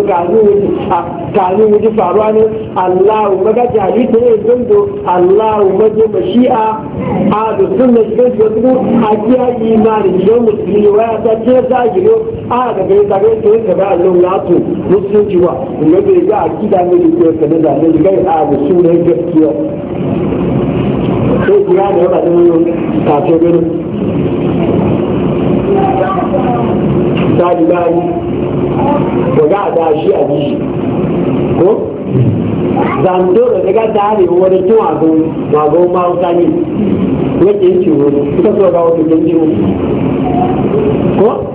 kàánú wùdí faruwa ni aláwọ̀ mẹ́gàjì àdìjì ẹ̀gbọ́ndò aláwọ̀ mẹ́jọ mẹ́ṣíà àdùsùn mẹ́ṣíkẹ́ ìjọ́sùn àti ayé ìmọ̀ àdìjì gan mùsùlùmí wáyà tá kí ẹ sáàjìló àdàgbẹ́ ìtàgẹ́ tó ń sẹ̀bẹ̀ àlọ́ ńlá tó mùsùlùmí wa ìmọ̀gbẹ̀ ìgbà àkídà mẹ́rin ìgbẹ́ annabi gai a da sunan gaskiya sai kira da yawa don kafin gani misali bayi ko ga da shi a ji ko zandoro daga ne wani tun ago ago ma wuta ne yake yin ciwo ita so ga wata yin ciwo ko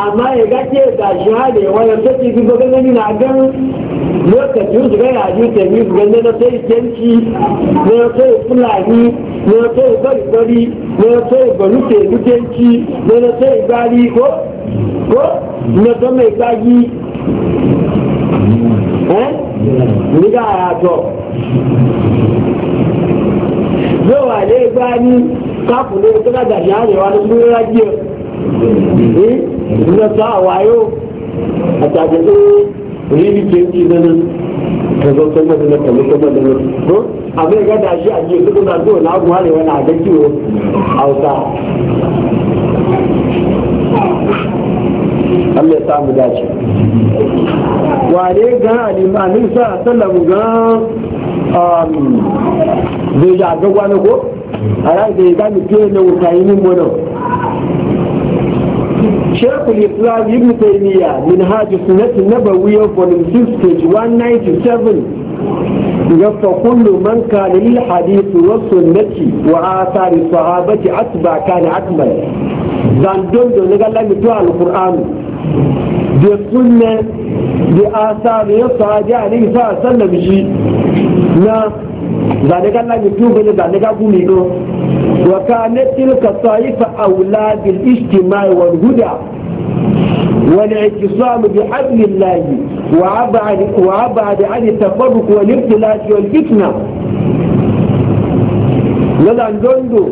amma ya ga da shi hade wani sassi bi ga gani na gan lokacin su gana ji ta yi gane na sai kyanci na sai fulani na sai bari na sai barute dukenci na na sai gari ko ko na ta mai gagi eh ni ga ya to yau a ne gani kafin ne kuma da sharewa na sun rajiyar eh na sa wayo a tafiye eh. ribi ke ci zanen ta zo ta madana ta mutu da to abin ga da shi a jiya duk da zuwa na abu halewa na ga kiwo hausa Allah ya samu dace wane ga alimanin sa sallam ga um, zai ya ga wani ko a ran da ya gani fiye ne wuta yi min bonon شيخ الإسلام ابن تيمية منهاج السنة النبوية فولم 6 page 197 فكل من كان للحديث والسنة وآثار الصحابة أتبع كان أكمل زندون دون قال لهم يتوى القرآن دي السنة دي آثار الصحابة عليه الصلاة والسلام جي نا زندون قال لهم يتوى زندون قال لهم وكانت تلك طائفة أولى بالاجتماع والهدى والاعتصام بحبل الله وأبعد, وأبعد عن التفرق والاختلاف والفتنة لذا نقول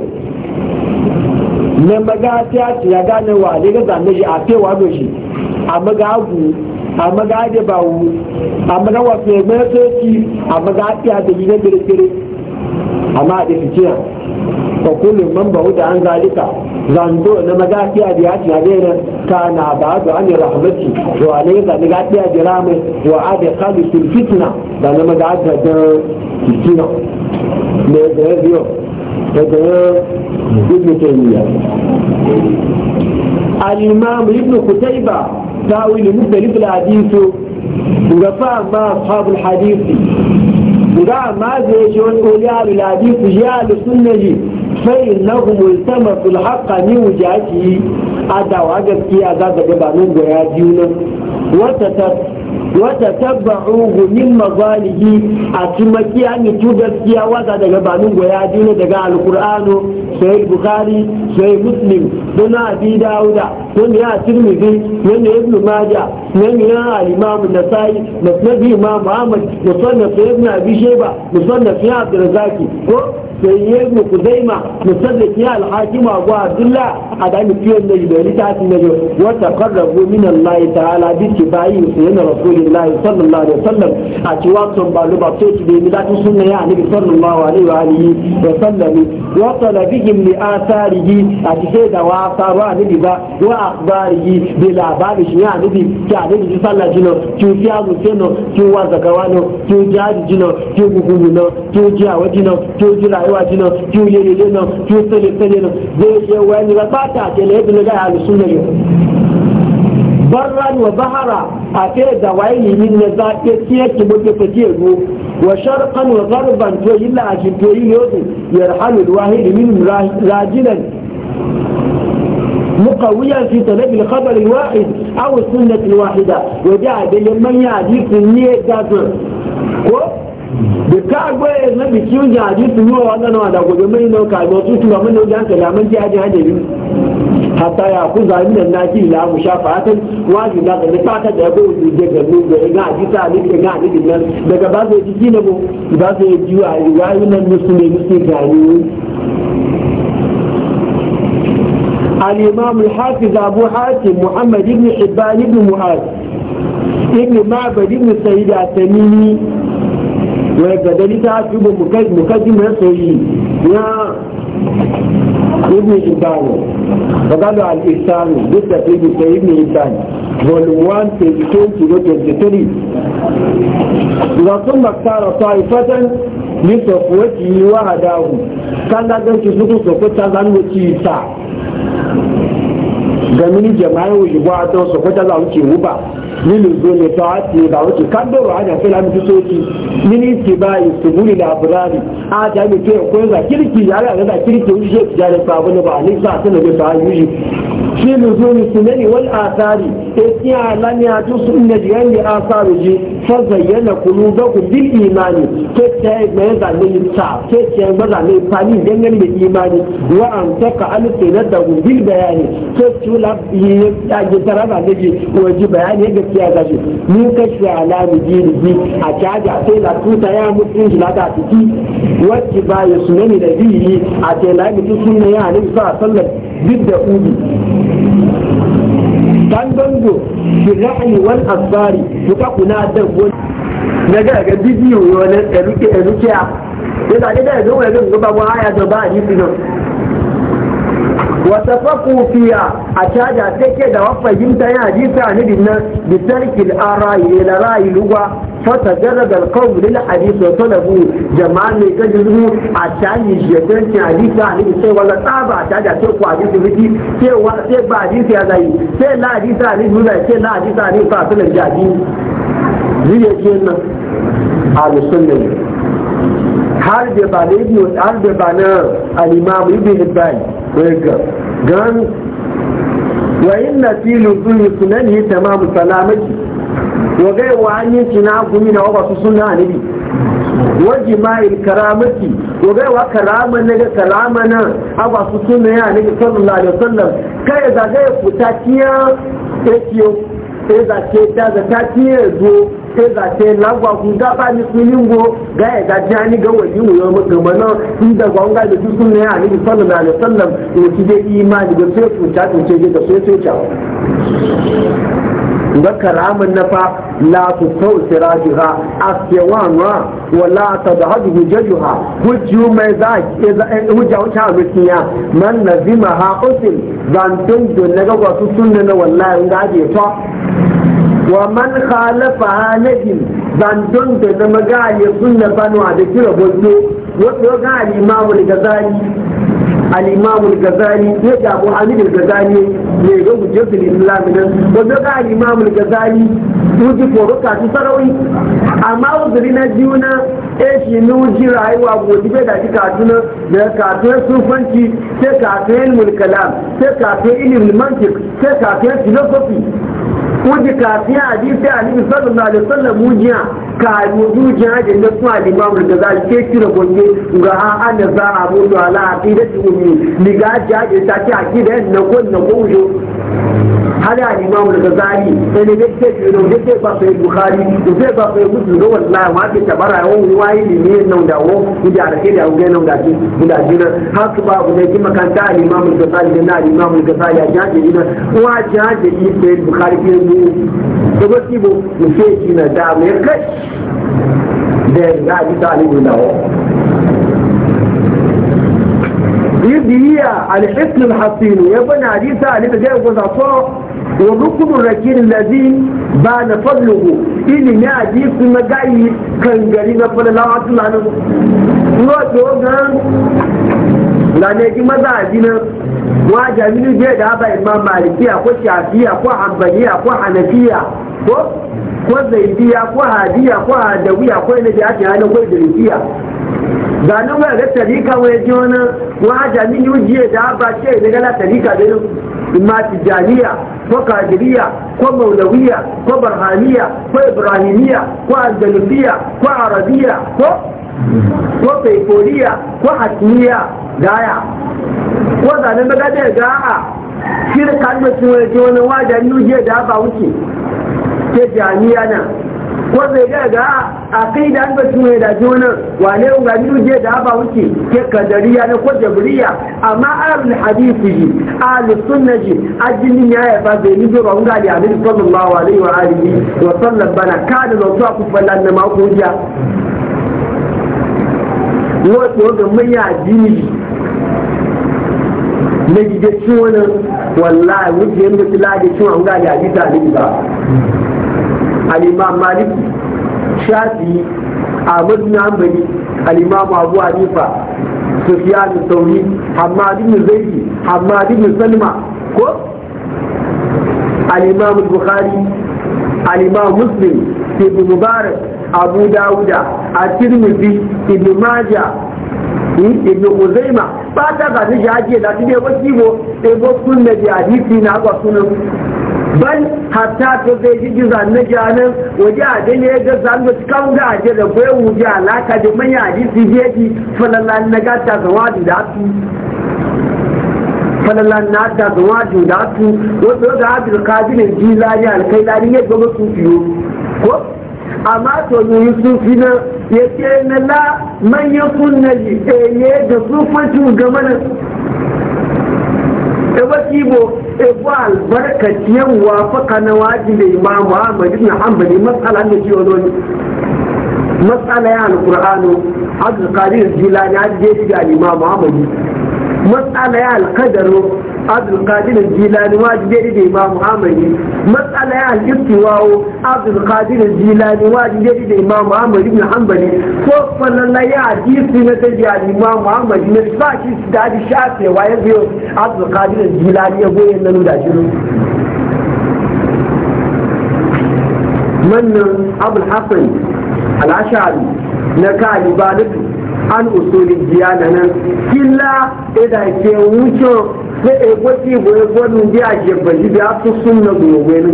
na magata ya gane wa ne ga zane shi a cewa da shi a magagu a magade bawu a magawa femesoci a magatiya da yi na gire-gire amma a da fitiya وكل من بعد عن ذلك زندو لما جاءت يا ديات نادينا كان بعد عن رحمتي وعليه قد جاءت يا جرام وعاد خالص الفتنة لما جاءت يا فتنة ماذا يو هذا ابن تيمية الإمام ابن قتيبة تاوي لمختلف الحديث وقفا ما أصحاب الحديث وقال ما زيش يقول يا للحديث يا للسنة فإنه ملتمة الحق من وجهته أدعو أجل كي أدعو جبانون وياديون وتتبعوه من مظاله كي أن توجد كي أدعو جبانون وياديون دقاء القرآن سيد البخاري سيد مسلم دنا أبي داود wani ya tirmidhi wani ya ibnu maja wani ya al-imam na nasai musnad imam ahmad musannaf ibn abi shayba musannaf ya abdurrazzaq ko sai ya ibn kudaima musannaf ya al-hakim abu abdullah adani da ibari ta tin da wa taqarrabu min allah ta'ala bi tibai sayyidina rasulullahi sallallahu alaihi wasallam a cewa son balu ba sai da mi da sunna ya annabi sallallahu alaihi wa alihi wa sallam wa talabihim li atharihi a cikin da wa ba ni ba yi, bi labari shi ya nabi ki abin ji sallah jino ki fi azu sino ki wa zakawa no ki jaji jino ki gugu no ki ji awa jino ki ji rayuwa jino ki yele no ki sele sele no zai je wani ba fata ke le bi ga alusunna yo barran wa bahara a fe da yi yin ne za ke tiye ki muke fatiye go wa sharqan wa gharban to la ajin to yi yodu yarhalu alwahid min rajilan مقويا في طلب الخبر الواحد أو السنة الواحدة وجاء بلمن في النية كافر da ka gwaya na bikin da ji su wannan wa da gobe mai nau ka zo tutu ba mun nau da hankali amma ji haji haji biyu hatta ya ku zami da na ji la mu shafa hatan wajibi da ka ta ta da go ji da ga ga ji ta ga daga ba zai ji ne mu ba zai ji wa yi nan musulmi musulmi ga ni الإمام الحافظ أبو حاتم محمد بن حبان بن معاذ ابن معبد بن سيد التميمي ويبدأ تعجب مقدم سيد يا ابن حبان وقالوا على الإسلام بس في ابن سيد ابن حبان volume 1 page 20 to 23 إذا ثم اختار طائفة لصفوته وهداه كان لازم تسوق صفوته عن تيسا gamini jama'a wuce ba don su kwata za wuce wuba lilu zo ne ta hati ba wuce kan doro hanya sai lamu ji soki mini ce ba yi su buri labirari a ta yi ke ko yanzu kirki ya ga kirki wuce ya fi jari sabu ne ba a nisa a sanar da ta yi fi luzumi sunani wal asari ya lam ya tu sunna ji yan asaru ji fa zayyana qulubakum bil imani ke ta mai da ne ta ke ce ba da ne fani dangan da imani wa an taka alsina da bil bayani ke tu la yi ta ji tara da ji waji bayani ga kiya ga shi ni ka shi alami ji a caja sai la tuta ya mutunci la da ciki wacce ba ya sunani da biyi a ce la mi sunna ya ne sa sallar bidda ubi ki shira'i wal asfari duka kuna da wani na ga ga bidiyo wani eruke eruke a ya zaɗi da yanzu wani zai gaba wani haya da ba a yi sinan wata faku fiya a caja take da wafayin ta yana jisa ne dinnan bitarki da an rayu da rayu lugwa فتجرد القوم للحديث وطلبوا جماعة لكجزه عشان يشيطان في حديث عن الإسلام ولا طابع عشان يتوقع حديث بكي سيبا حديث يا زي لا حديث عن الإسلام لا حديث عن الإسلام فاصل الله زي يجينا على السنة هل da ba na ibn har da ba na al-imam ibn hibban wega تمام wa wa gai wa hanyar ci na gumi na wasu suna nabi wa jima'il karamati wa gai wa karama na ga karama na wasu suna ya nabi sallallahu alaihi wasallam kai da gai fita tiya ekiyo sai za ce ta za ta tiye zo sai za ce lagwa kun gaba ni sun yi go ga ya ga ni ga wani wuyo maka mana inda gwanga da su sun ya ni sallallahu alaihi wasallam to ki dai imani da sai ku ta tunce ga sai sai ta ga karamin na fa la tu tausira jiha askewanwa wala ta da hadu hujjajuha hujju mai za e e, hujja wuce a mutiya man na zima ha usul zantun don na gagwa su sunna na ta wa man khalafa ha najin zantun da na magaya sunna banwa da kira bozo wato ga alimamu da gazali al-imam al-ghazali ya da abu hamid al-ghazali ne ga hujjatul islam nan wanda ga al-imam al-ghazali uji foro ka su sarawi amma uzuri na juna e shi nuji rayuwa gobe da shi katuna da katuna sufanci sai katuna ilmul kalam sai katuna ilmul mantiq sai katuna philosophy wanda kafiya hadisi annabi sallallahu alaihi wasallam mujiya ka mujiya da na kuma limamu da za ke kira gonne ga an za a mutu ala aqidati ummi ni ga jaje ta ce aqida na gonna gojo hali a limamu da zari sai ne ne ke kira da ke ba sai bukhari da ke ba sai mutu da wallahi ma ke tabara yawan wayi ne ne nan da wo da da ke da uge nan da ke da jina haka ba ku ne ki makanta limamu da da na limamu da zari ya jaje ina wa jaje sai bukhari ke kuma kibo mu ce ki na da mai kai da na ji talibu na wa يبيع الحسن الحصين يبنى عديسة عليك جاي وزعطاء والركن الركين الذي بان فضله إلي نادي في مجاي كان قريبا فلا لا عطل عنه نوات وقام لأن يجي مزاجنا wa jami'in je da ba imam malikiya ko shafiya ko hanbaliya ko hanafiya ko ko zaidiya ko hadiya ko hadawiya ko ina da ake hannun ko idrisiya zanen wa ga tarika wa ya ji wani wa jami'in je da ba ce ne gala tarika da imma tijaniya ko kadiriya ko maulawiya ko barhaniya ko ibrahimiya ko andalusiya ko arabiya ko ko faiforiya ko hatmiya gaya ko zane maga da ga a kiri kalma ci wani ji wani da ba wuce ke jami'a na ko zai ga ga a kai da ba ci wani da ji wani wane ga nuje da ba wuce ke kadariya na ko jabriya amma ahlul hadisi ji ahlus sunna ji ya ya ba zai ni zo ran ga da annabi sallallahu alaihi wa alihi wa sallam bana kada zo ku fallan na ma ku ja wato ga mai addini na gida ciwon wallahi wuce yadda su lade ciwon gaji ya ji tare ba al-imam malik shafi ahmad bin hanbali al-imam abu hanifa sufyan thawri hamad bin zaidi hamad bin salma ko al-imam bukhari al-imam muslim ibn mubarak abu dawuda at-tirmidhi ibn majah ibn uzaima ba ta ba ni jaje da dide ba kibo sai go sunna bi hadisi na ga sunan bal hatta to zai ji jizan na janan waje a dane ga zanga kan ga aje da goyi wuje alaka da manya hadisi ji falallan na gata ga wadi da su falalan na da zuwa judatu wato da abdul qadir jilani alkailani ya gaba su fiyo ko amma to yi sufi na ya ce na la manyan kunna eh, da sufanci ga mana da wasi bo ebo wafaka na waji da imamu ahmad ibn da ciwo zoni matsala ya qadir jilani da imamu ahmad matsala ya alƙadaro abdul qadir al-jilani wajibi da imam amali matsala ya al-istiwawo abdul qadir al-jilani wajibi da imam amali ibn hanbali ko falalla ya hadisi na tabi al ma amali ne ba shi da shafe wa ya biyo abdul qadir al-jilani ya goyen nan da shi wannan abul hasan al-ashari na kalibatu an usuli diyana nan killa ida ke wuce da egwati goye gwanin biya ke baji biya su sunna goye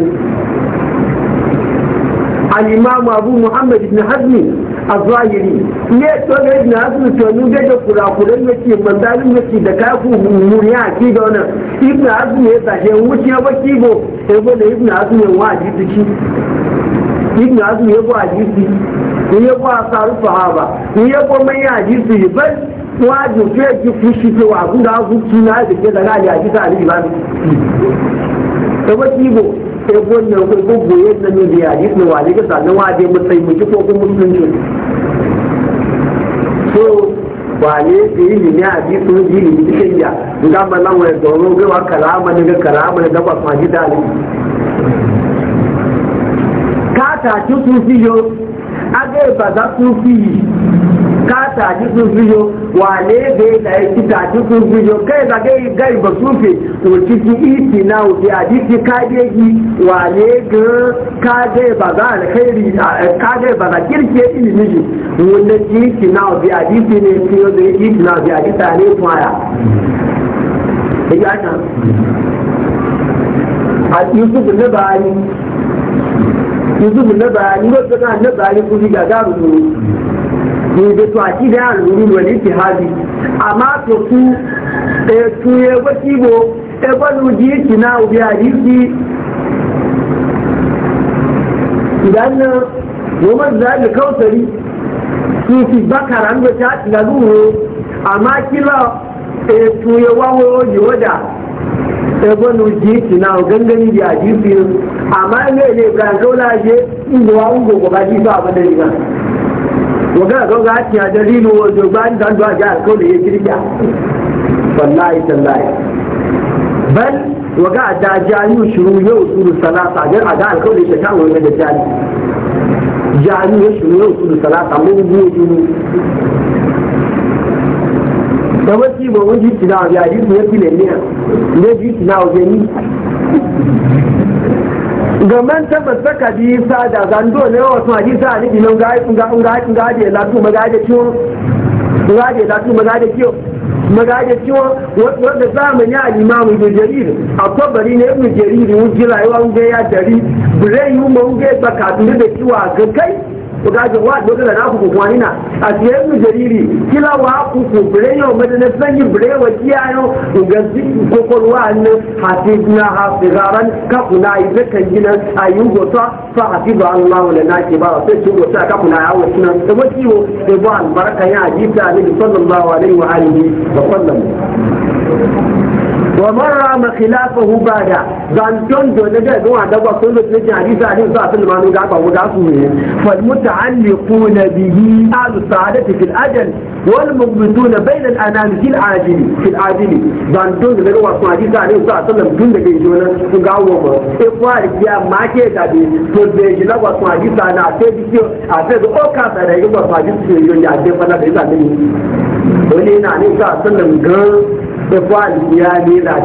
al-imam abu muhammad ibn hazmi az-zahiri ne to ne ibn hazmi to ni da da kurakuran yake mandarin yake da kafu muriya ki da wannan ibn hazmi ya tashi wuce ba kibo sai da ibn hazmi ya waji duki ibn hazmi ya waji duki ní yẹ kó asaaru sahaba ní yẹ kó mẹ́yìn àdìsí yìí bẹ́ẹ̀ wọ́n á jù fún ẹ̀jú fún ṣíṣe wà fún dáhùn tún náà que kí ẹ̀dá láàyè àdìsí àdìsí eu mi. ẹgbẹ́ tí ibò ẹgbẹ́ ní ọgbẹ́ gbogbo yẹn ní ẹni àdìsí wà ní kíkà ní wọ́n á jẹ́ mọ́tẹ́ ìmọ̀ tí kò kó mọ́tẹ́ wane da yi ne a ji sun ji ne cikin ya ga malan wani domin gaiwa kalama ne ga kalama ne gaba su haji dalin ka ta ci sun fi yau agai ba za ku fi ka taji sun fiyo da ya e da ya ci taji sun fiyo kai ba gai gai ba su fi o ciki iti na o fi ka yi wale ga e, ka gai ba za alkhairi ka gai ba za kirke ilimi shi wanda ci iti na o fi adiki ne fiyo da ya ci iti na o ne e A yusufu na bayani wasu kan na bayani kuri ga garu ne ne da to akida ya lulu wani tihadi amma to ku e tuye wakibo e balu ji kina ubi hadisi idan na woman za ga kautari su fi bakara an da ta e e na lulu amma kila e tuye wawo yoda e balu ji kina gangani da hadisi amma in ne ne ga zauna je inda wa ungo ko ba ji ba ba da riga wa ga ga dalilu wa jo ba ni dan ko ne ya kirga wallahi tallahi bal wa ga da jani shuru yau suru salata ga ga alƙawari ta kawo ne da jani jani ya shuru yau suru salata mun buɗe da wasu ba wani jiki na wajen yi su ya fi lalliya ne jiki na wajen yi ga tabbas tabbata ka bi sa da zando ne wa tuma ji sa ni bi nan ga ga ga ga de la tu ciwo ga da latu magaje ciwo magaje ciwo wanda zamani al imam ibn jarir akabari ne ibn jarir jira yawa ga ya dari bure yu mo ga ba ka tun da ciwa ga kai bukaji wa doka da ku kwani na a tiyar mu jariri kila wa ku ku breyo madana sanyi brewa kiyayo ugazi ko kolwa ne hafi hafizaran ka kuna yi kan gina ayu gota fa hafiza Allah na naki ba sai ci gota ka kuna ya wasu nan da wakiwo da ba albarka ya hadisi alaihi sallallahu alaihi wa alihi wa sallam wa marra ma khilafahu bada dan don do ne da gwa da ba kullu ne jari za ni za sun manu ga ba ga su ne fal muta'alliqun bihi al sa'adati fil ajal wal mubtuna bayna al anam fil ajil fil ajil zan don da gwa su hadi za ni za sun tun da ke jona su ga wa ba e kwa ya ma ke da bi to be ji la gwa su hadi za na te bi ki a te do o ka da da gwa su hadi su yo ya te fa na da ni wani na ni za sun ga بدلوا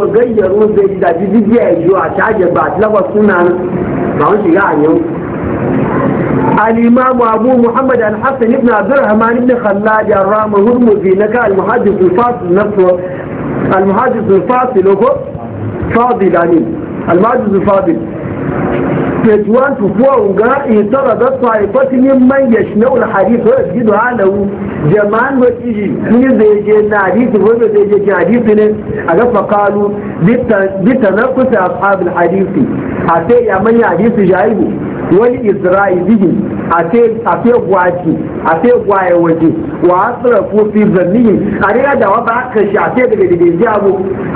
وغيروا زي ذا دي دي دي جوا تاج بعد لا بسنا ما هو شيء يعني الإمام أبو محمد الحسن ابن عبد الرحمن ابن خلاج الرام الهرمزي نكا المحدث الفاصل نفسه المحدث الفاصل هو فاضل عنه المحدث الفاضل page 1 to 4 ga itara da taifatinin man ya shi na'ul hadithu ya gido halahu zai je na hadithu wanda zai je ki hadithu ne a ga fakalu bita na kusa ashabul hadithu a sai ya manya hadithu jahibu wani isra'i bihin a fe gwaci a fe gwaye waje wa asira ko fi zannihin a riga da wa ba ka shi a fe daga daga ji abu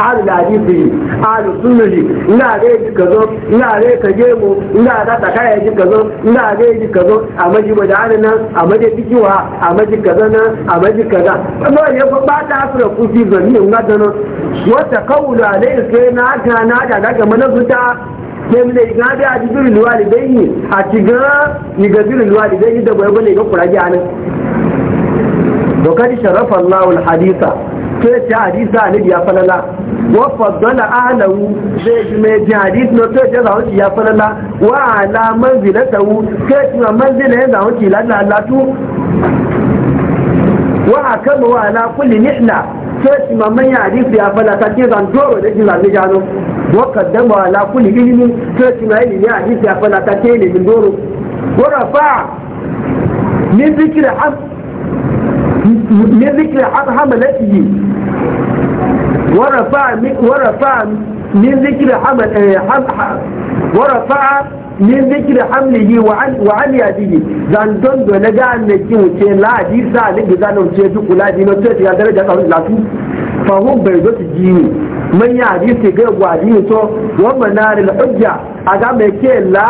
alu ladisi yi alu sunnaji ina rai ji kazo ina rai ka je mu ina da ta kaya ji kazo ina rai ji kazo a maji ba da nan a maji fikiwa a maji kaza nan a maji kaza amma ya fa ba ta asira ko fi zannihin na da wata kawula alai sai na ga na ga daga manazuta kemle ga da a jibirin luwali bai yi a ciga e yi ga birin luwali bai yi da bai bane ga kurage a nan dokar sharafa lawul hadisa ke ce hadisa ne ya falala wa faddala ahlahu zai ji mai ji hadis no to ce zawo ya falala wa ala manzilatahu ke ce manzila ya zawo ki lalla Allah tu wa akama wa ala kulli nihla sai mamman ya hadisi ya fala ta ce zan doro da jin zan gano wakar da ma la kulli ilimin sai ci mai ilimi hadisi ya fala ta ce ilimin doro gora fa min zikri ab min zikri ab hamalatihi ورفع من ورفع من ذكر حمل ورفع min zikir hamlihi wa an yadihi zan don do na ga annaki wuce la sa ne ga zan wuce duk la dino to ya daraja ka latu fa hum bai zo su ji man ya hadisi ga gwadi to wa manaril hujja aga me ke la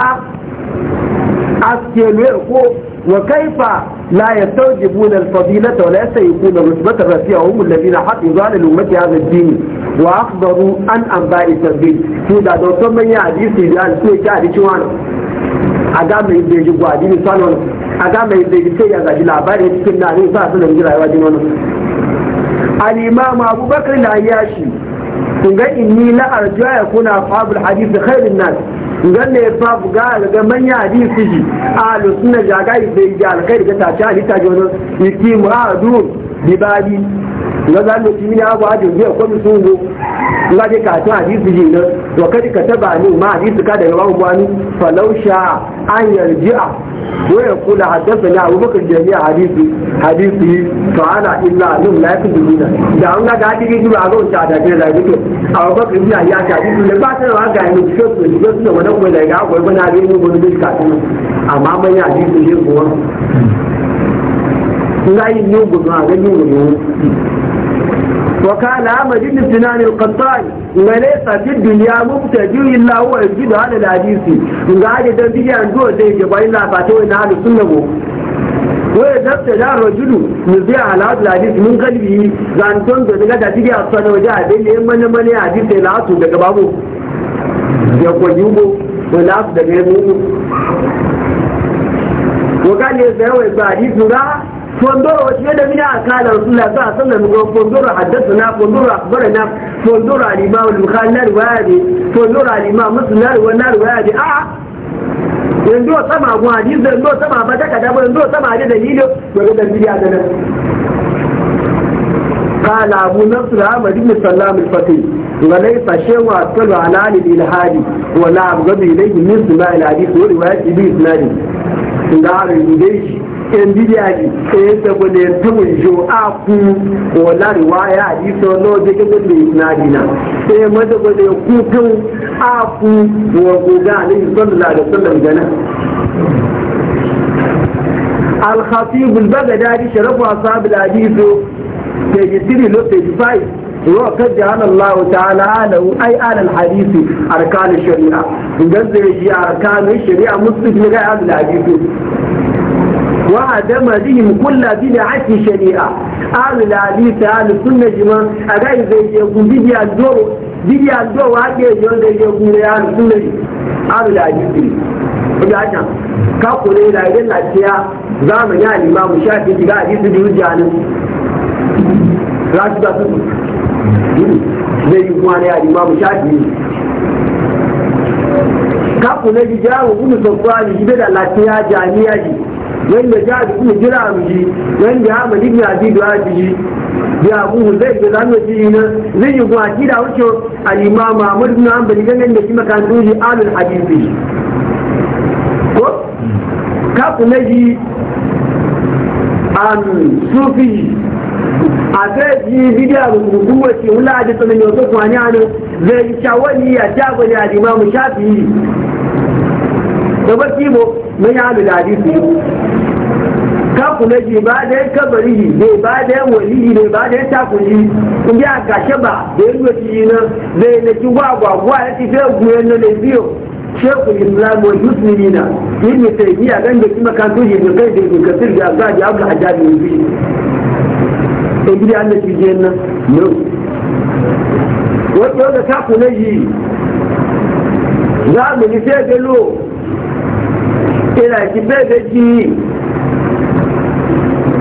aske ko wa kaifa لا يستوجبون الفضيلة ولا يستيقون الرتبة الرفيع هم الذين حفظوا على الأمة هذا الدين وأخبروا أن أنباء التنبيه فإذا دوتوا من يعدي سيجال سوى كاري شوانا أقام يبدأ جبوا دين صالون أقام يبدأ جبتيا ذا جلابار يتكلنا عليه صلى الله عليه وسلم الإمام أبو بكر العياشي قال إني لا أرجو أن يكون أصحاب الحديث خير الناس gan ne fa ga ga manya hadisi ji ahlu sunna jaga yi da alkhairi ga ta ta hadita jono yiki bi bibadi na zan ci mini abu ajin biya ko su mu na je ka tun hadisi ji nan wa kadi ka taba ni ma hadisi ka da yawan gwani falausha an yarji'a wa ya kula haddathana Abu Bakar jami'a hadisi hadisi fa ana illa annum la yakdubuna da an ga hadisi ji ba zan ta da kai da dike Abu Bakar ina ya ta hadisi da ba ta wa ga ni ko su ko su wannan ko da ga ko bana ne mu gudu ka tun amma ban ya hadisi ne ko ngai ni gudu ga ni gudu وقال عمد بن سنان القطان وليس في الدنيا مبتدئ الا هو يجد هذا الحديث قال ده بيجي عن دو زي جباين لا فاتو ان هذا سنه wai da ta da rajulu muzi ala hadis mun kalbi zan ton daga da dige asana waje a dai ne mana mana hadis sai la su daga babu ya ko yugo wala su daga mu ko kan ne sai wai ba hadis ra فندورو شيء ده من أكال رسول الله صلى الله عليه وسلم قال فندورو حدثنا فندورو أخبرنا فندورو الإمام المخال نار وادي فندورو الإمام مصر نار ونار وادي آه يندو سما وادي يندو سما بدك هذا يندو سما هذا دليل وهذا دليل هذا قال أبو نصر أحمد بن سلام الفتي وليس شيء وأكل على عالم الهادي ولا أبغض إليه من سماع الحديث ورواية بإسناده. إن هذا يدريش yan bidiya ne sai da bane ta wujo a ku wala riwaya a jisa wani wajen ta bane na dina sai mata bane kutun a ku wa goga a nabi sallallahu alaihi wasallam gana الخطيب البغدادي شرف أصحاب الحديث page 3 لو page 5 وقد جعل الله تعالى له أي آل الحديث أركان الشريعة وقد جعل أركان الشريعة مسلم غير الحديث وعدم بهم كل بدعة شريعة أهل الحديث أهل السنة جماعة أغاية زي يقول بدي الدور بدي الدور وهكي يقول زي يقول أهل السنة أهل الحديث Ibrahim ka kore da idan lafiya za mu yi alimamu shafi shiga a na biyu janin rasu da su zai yi kuma ne alimamu shafi ka kore da jawo gudu sabuwa ne da lafiya jami'a yanda ja da kuma jira mu ji yanda ha mu dinya ji da ji ya buhu zai da zamu ji na zai yi gwa da wuce al-imam Ahmad ibn Hanbal ganin da kuma kan duji alul hadisi ko ka kuma ji an sufi a zai ji bidiya rubutu wace wula da tsanani wasu kwani a nan zai yi shawani ya jagwani al-imam Shafi'i da baki bo na ya da hadisi kakuna ji ba da ya kabari ne ba da ya wali ne ba da ya takuni in ji a gashe ba da ya lokaci yi na zai na ki gwagwagwa ya ci fiye guye na ne biyo shekul islam wa musulmi na yi ne sai biya gan da kima kan tuji da kai da duka sirri a gaji abu a jami yanzu in gidi an da ci je na yau wato da kakuna ji za mu ni sai ina ki bai da ji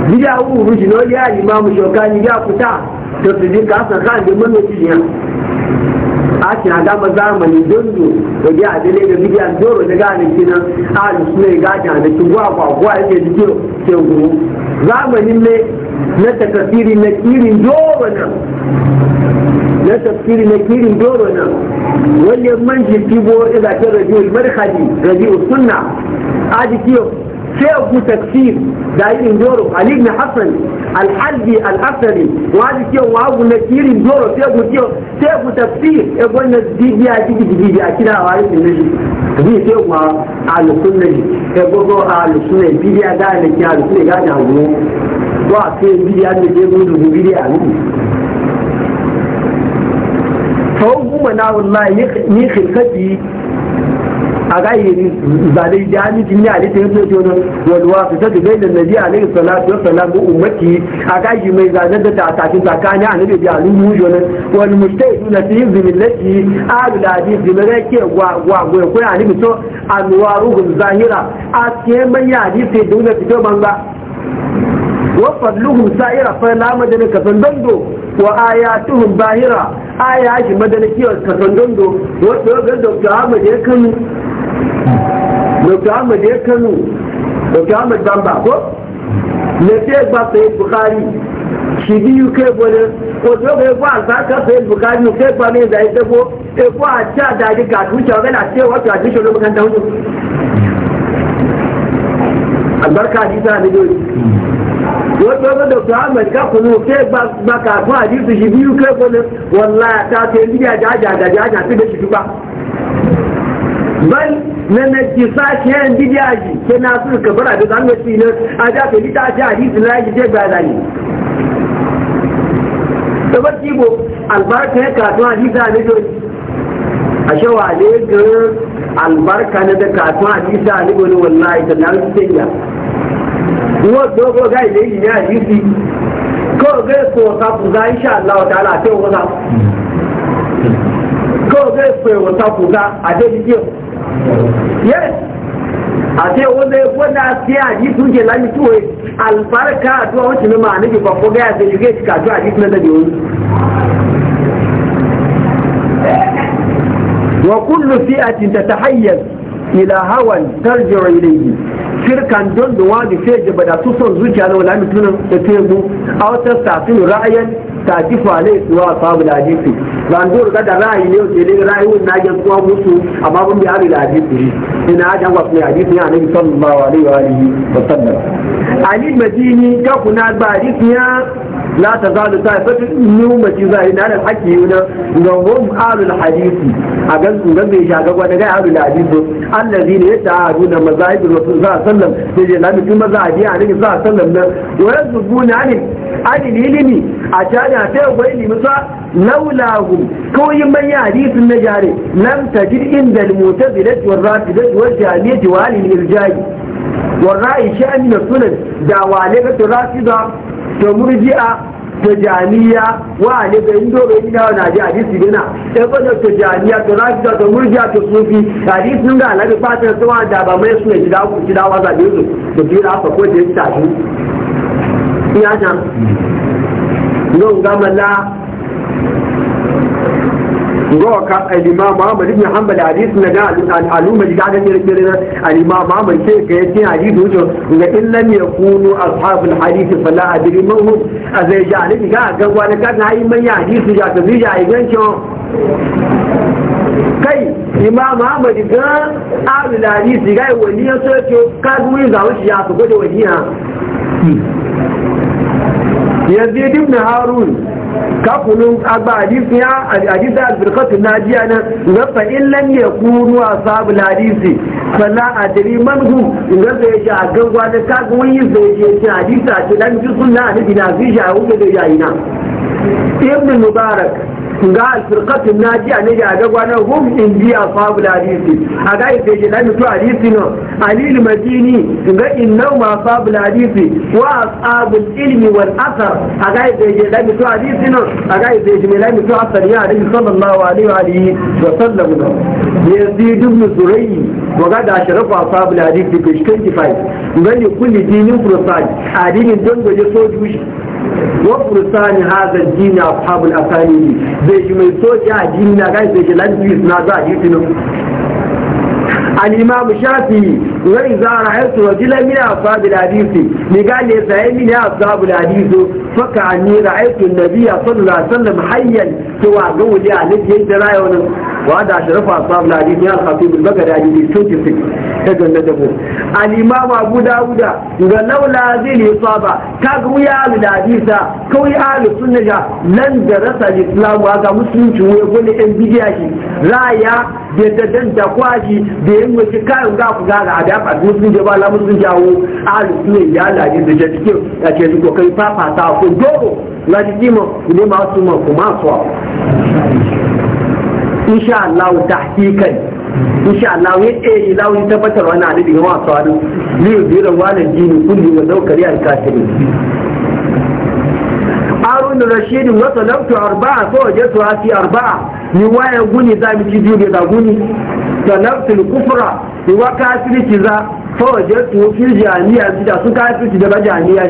gida hu rushi no ya imamu ni ya fita to su dinka san kan da mun ci ya a ci na dama zamani dondo da ya adele da bidiya doro da gane kina a da su ne gaja da ki gwa gwa gwa yake ke guru zamanin ne na takafiri na kirin doro nan na tafsiri na kirin doro nan wani man shi fibo da zafi marhadi rabiul sunna a شيخ تكفير داي اندورو علي بن حسن الحلبي الحسني وهذا كيو وهو نكير اندورو شيخ كيو شيخ تكفير يقول لنا ديجي ديجي ديجي كده وعارف النجي دي شيخ ما على كل نجي يقول على السنه ديجي ده اللي كان على السنه قاعد عنده وعارف ديجي ده اللي بيقول ديجي فهو ما نعم الله يخلقتي a gayyari zalai jami'in a alita ya soke wani walwa su ta dubai da nabi alaihi salatu wa salam ummati a gayyi mai zanen da ta tafi tsakani a nabi da alimu jona wani mustai na fi zimillaki alul hadisi na rake gwagwai ko ya nabi to anwaruhum zahira a cikin mai hadisi da wani fito banza وفضلهم سائرة فلا مدن كفندندو وآياتهم باهرة آيات مدن كيو كفندندو وتوغل دكتور عمد يكن dr ahmed ya kano dr ahmed bamba ko na ce gba sai bukari shi biyu ke bane ko to kai ba za sai bukari ne ke ba ne da ita ko e a da ji ka tuta ga na cewa ka ji shi lokacin da hudu albarka ji ta ne dole wato ga dr ahmed ka kunu kai ba ka to a ji shi biyu kai bane wallahi ta ce ni ya ja ja ja ja da shi duka." bal na najisa ke yan bidiyaji ke na su ka fara da zanga ci na a da ka lita ji hadisi na yi je ga zani da ba ki bo albarka ya ka hadisi a ne doji a shawa ne ga albarka na da kasuwa hadisi a ne wani wallahi ta na su ce ya wo dogo ga ile yi ya hadisi ko ga so ta ku ga insha Allah ta'ala ta wona ko ga so ta ku ga a dai bidiyo yes àti owó lè gbọ́dá sí àdìsú jẹ lálùtù ẹ̀ àlùbáríkà àdúrà ó àti ẹ̀dùgẹ́tì kàdú àdìsú lẹ́lẹ́ di òun. وكل فئة تتحيز إلى هوى ترجع إليه shirkan don da wani sai ji bada su son zuciya na wala tunan da tebu a wata safin ra'ayan ta ji da zandur ga da ra'ayi ne ke ne ra'ayin na ga kuma musu amma mun bi alil hadisi ina ga wa kuma hadisi ya annabi sallallahu alaihi wa alihi wa sallam ali madini ka kuna ba hadisi ya la tazalu ta'ifatu min ina da hakki yuna ga hum alul hadisi a ga ga bai shaga ga ga alul hadisi allazi ne ya ta'aru na mazahib rasul sallallahu alaihi wasallam da je lami tun maza a nabi sallallahu alaihi wasallam nan wa yazbuna anil anil ilimi a jana ta ga ilimi sa laulahu ko yin manya hadisin na jare lam tajid inda al-mu'tazilati wal rafidati wal jami'ati wal irja'i wal ra'i sha'ni sunan da wale ga rafida to murji'a tijaniya wa ne ga indo ga ina wa naji hadisi gina sai ba da tijaniya to rafi da murjiya to sufi hadisi sun ga alabi fatan suwa da ba mai suna gida ku gida wa zabe su da bi rafa ko da ta shi ya nan non ga mala ga al-imam Muhammad ibn Hanbal hadith na ga al-aluma ji ga ne kire na al-imam Muhammad ce ka yace hadith wuce ga in lam yakunu ashab al-hadith fala adri man hum azai ja ne ga ga wani kan hayi man ya hadith ja ta zija ai gancho kai imam Muhammad ga al hadith ga wani ya so ce ka duwi ga wuce ya ko da wani ya yazid ibn harun kakulun agba hadisi ya hadisi al na jiya nan ga fa in lam a ashabul hadisi a adri man hu ga zai a gangwa da ka ga wani zai je ci hadisi a cikin sunna annabi na zai ja wuce da yayi na ibn mubarak ga alfirkatun a ne ga gagwa na hum in ji a sabu da hadisi a ga ife ji lami to hadisi no alil madini ga innau ma sabu da hadisi wa asabu ilmi wal asar a ga ife ji lami to hadisi no a ga ife ji lami to asar ya hadisi sallallahu alaihi wa alihi wa sallam no yazid ibn zurayi wa ga da sharafa sabu da hadisi page 25 ga ne kulli dinin fursan adinin don goje sojushi Wan kursani a zan ji a famɗu a sanin zai shi mai soja a ji na, kai zai shi lantiris na, za a ji tunan ku. Ali mu shafe ne, ngani za a yi a yi tsawon gilan mini da a bi su, ni ganin da da a suka ni da an nabiya sallallahu alaihi wasallam hayyan cewa ga wuri a lafiya da rayuwar wa da sharafa sahabu ladin ya khatib al-baghdadi bi 26 daga nan da al-imam abu dauda ga laula zil isaba kaga wuya al-hadisa kawai al sunna ga nan da rasa islam ga musulunci wuya gole ɗan bidiya shi raya da dadan da kwaji da yin wace kayan ga ku gaga a dafa musulunci ba la musulunci jawo ahli sunna ya ladin da jadikin a ce duk kai fafata kò dóòrò láti dímọ̀ ilé máa túmọ̀ kò máa sọ. insha Allah tahqiqan insha Allah ya eh ila wani tabbatar wani alibi ga masu wani ne yi da wani jini kulli wa daukari al-kafirin harun rashid wa talabtu arba'a fa wajadtu fi arba'a ni waya guni za mi biyu da guni talabtu al-kufra ni wa kafirci za fa wajadtu fi jami'a da su kafirci da jami'a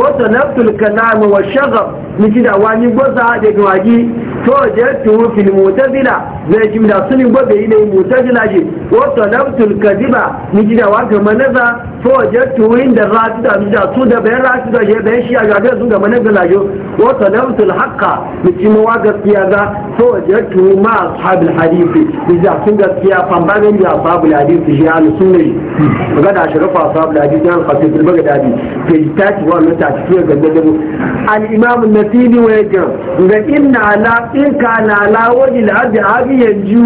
wata nafsul kalam wa shagab ni kida wani gwaza da gwagi فوجدته في المعتزلة زي من أصل بابي إلى المعتزلة جي وطلبت الكذبة نجد وكما نذا فوجدته عند الراتدة نجد أصود بين الراتدة جي بين شيء أجابي أصود كما نذا جو وطلبت الحق نجد مواقع سيادة فوجدته مع أصحاب الحديث نجد أصود سيادة فنبغن جي أصحاب الحديث جي على سنة وقد أشرف أصحاب الحديث عن خطيب البغدادي في التاتي وأنه تاتي فيه قد الإمام النسيبي ويجب إن على in ka na lawon ilabi abi yanzu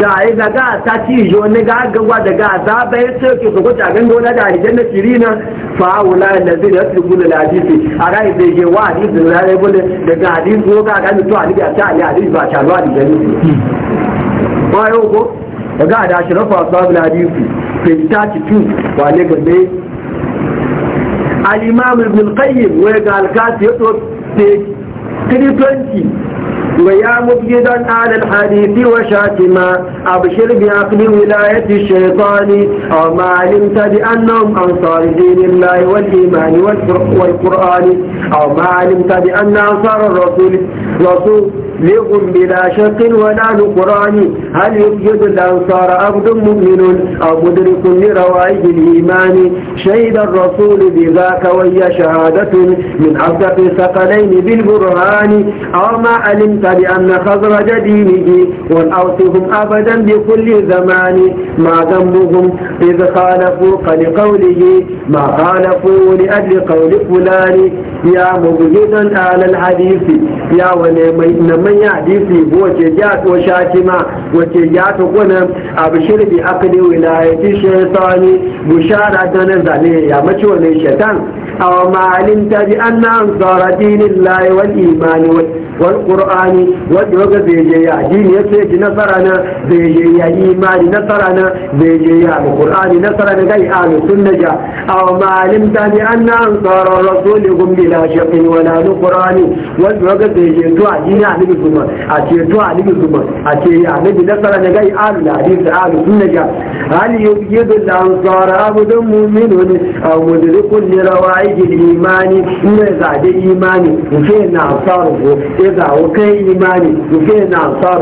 da ya daga ta ci jo ne ga gagwa daga za bai sai ke so kota gango da aljanna na. fa wala nabi da su da hadisi a rai da je wa hadisi da rai bole daga hadisi ko ga ga to a ta ali hadisi ba ta ruwa da jani ba yo ko ga da shirafa sabu hadisi fi ta ci tu wa ne gabe al-imam ibn al-qayyim wa ga al-kasi yato 320 ويا مبجدا على الحديث وشاتما أبشر بعقل ولاية الشيطان أو ما علمت بأنهم أنصار دين الله والإيمان والقرآن أو ما علمت بأن أنصار الرسول رسول لهم بلا شك ولا نقران هل يسجد الأنصار عبد مؤمن أو مدرك لروائج الإيمان شهد الرسول بذاك وهي شهادة من أصدق الثقلين بالبرهان أو ما علمت فلأن خضر دينه والأوصهم أبدا بكل زمان ما ذنبهم إذ خالفوا قول ما خالفوا لأجل قول فلان يا مبهدا آل الحديث يا من يحديثي وشجات وشاتما وشجات ونم أبشر بأقل ولاية الشيطان بشارة نزلي يا مشوى الشيطان أو ما علمت بأن أنصار دين الله والإيمان والإيمان والقرآن وجوغ بيجي دين يسيج نصرنا بيجي إيمان نصرنا بيجي القرآن نصرنا جاي آل سنة أو ما علمت بأن أنصار الرسول هم بلا شق ولا نقران وجوغ بيجي تو دين عليك ثم أتي تو أهل ثم أتي عليك نصرنا جاي آل الحديث آل سنة هل يبيض الأنصار عبد مؤمن أو مدرك لروائج الإيمان إن زاد إيمان وفينا أنصاره ya zawo kai imani duke na ansar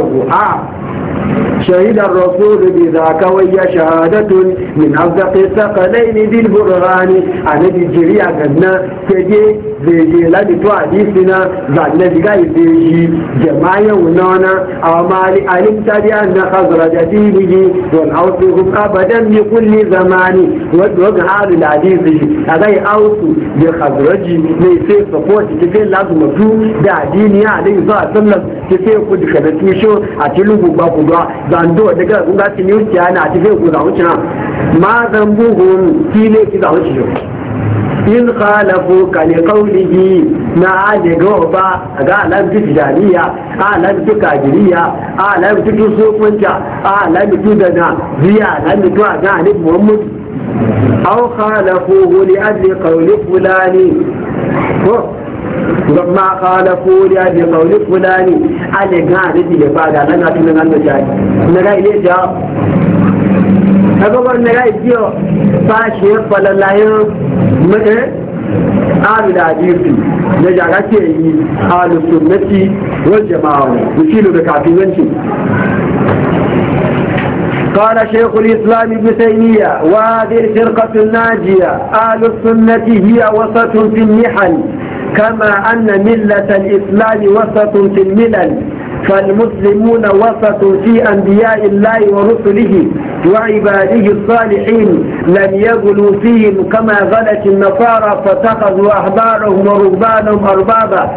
شهد الرسول بذاك وهي شهادة من أصدق الثقلين ذي البرهان أنا بجري أغنى تجي بيجي لدي توعديسنا ظن بقى بيجي جماعي ونانا أو مالي ألم تدي أن خزرج دينه والأوصهم أبدا بكل زمان وجه حال العزيز هذا أوصو بخزرجي ليسي سفوتي كيف لازم أفو دا ديني عليه الصلاة والسلام ti fe ku di kabe tu sho ati lugu ba ku da zando daga kun ga tinu kiyana ati fe ku da wucina ma zambuhum ki da wucina in khalafu ka ne na aje goba ga a tijaniya alamtu kadiriya alamtu sufunta ti dana biya alamtu a ga alif muhammad aw khalafuhu li ajli qawli fulani ولما خالفوا يا قول فلاني على غادي دي بعد انا جاي نتاعي نغا اليه جاء أقول نغا يجيو فاشي فلا لا يوم آل الحديث نجعل كي آل السنة والجماعة بكافي منشي قال شيخ الإسلام ابن تيمية وهذه الفرقة الناجية آل السنة هي وسط في النحل كما أن ملة الإسلام وسط في الملل فالمسلمون وسط في أنبياء الله ورسله وعباده الصالحين لم يغلوا فيهم كما غلت النصارى فاتخذوا أحبارهم ورهبانهم أربابا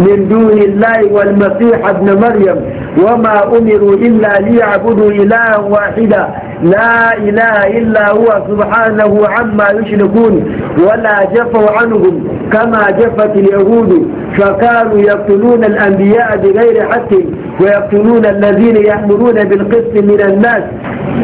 من دون الله والمسيح ابن مريم وما أمروا إلا ليعبدوا إلها واحدا لا إله إلا هو سبحانه عما يشركون ولا جفوا عنهم كما جفت اليهود فكانوا يقتلون الأنبياء بغير حق ويقتلون الذين يأمرون بالقسط من الناس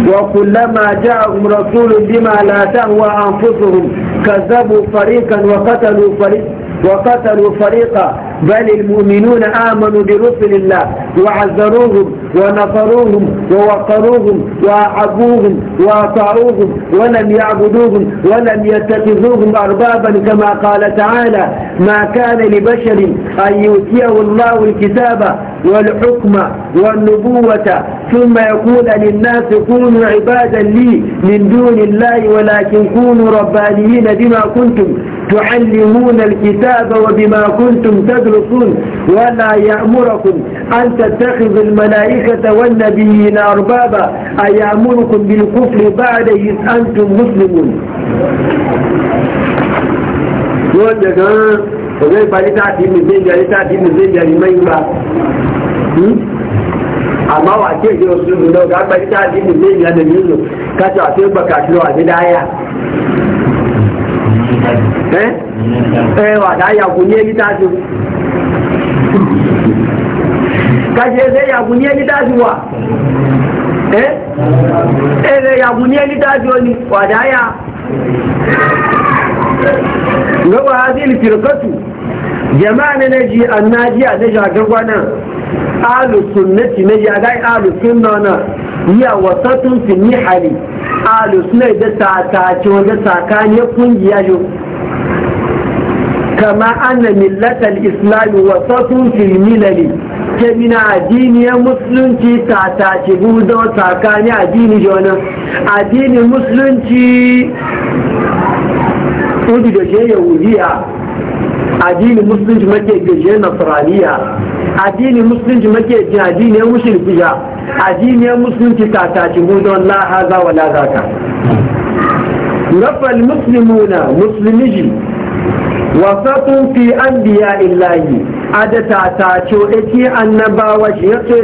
وكلما جاءهم رسول بما لا تهوى أنفسهم كذبوا فريقا وقتلوا فريقا وقتلوا فريقا بل المؤمنون آمنوا برسل الله وعزروهم ونصروهم ووقروهم وأحبوهم وأطاعوهم ولم يعبدوهم ولم يتخذوهم أربابا كما قال تعالى ما كان لبشر أن يؤتيه الله الكتاب والحكم والنبوة ثم يقول للناس كونوا عبادا لي من دون الله ولكن كونوا ربانيين بما كنتم تعلمون الكتاب وبما كنتم تدرسون ولا يأمركم أن تتخذوا الملائكة والنبيين أربابا أيأمركم بالكفر بعد إذ أنتم مسلمون àmọ́ wà kí èdè oṣù lọ́gbàgbà ìtàdínlẹ̀ ìyàdẹ̀ yìí lò kájọ àti ọgbàkàtí lọ àti dáyà Eh? eh wa da ya kunye litafi kaje zai ya kunye litafi wa eh eh zai ya kunye litafi wani wa da ya Gaba hazil firkatu jama'a na naji annajiya na shagagwa nan alu sunnati na jagai alu sunna na ya wasatun fi nihali alu sunna da tatace wanda tsakaniyar kungiya yau كما أن ملة الإسلام وسط في الملل كمن أدين مسلم تي تعتاتبو دو تاكاني أدين جونا أدين مسلم تي ودي دو شيء يهودية addinin musulunci make gajiyar nasaraniya addinin musulunci make jin addiniyar mushirkiya addiniyar musulunci ta tashi hudon la haza wa la zaka nafal muslimuna musulmiji wasatun fi an anbiya illahi adata ta ce ake annabawa shi ya ce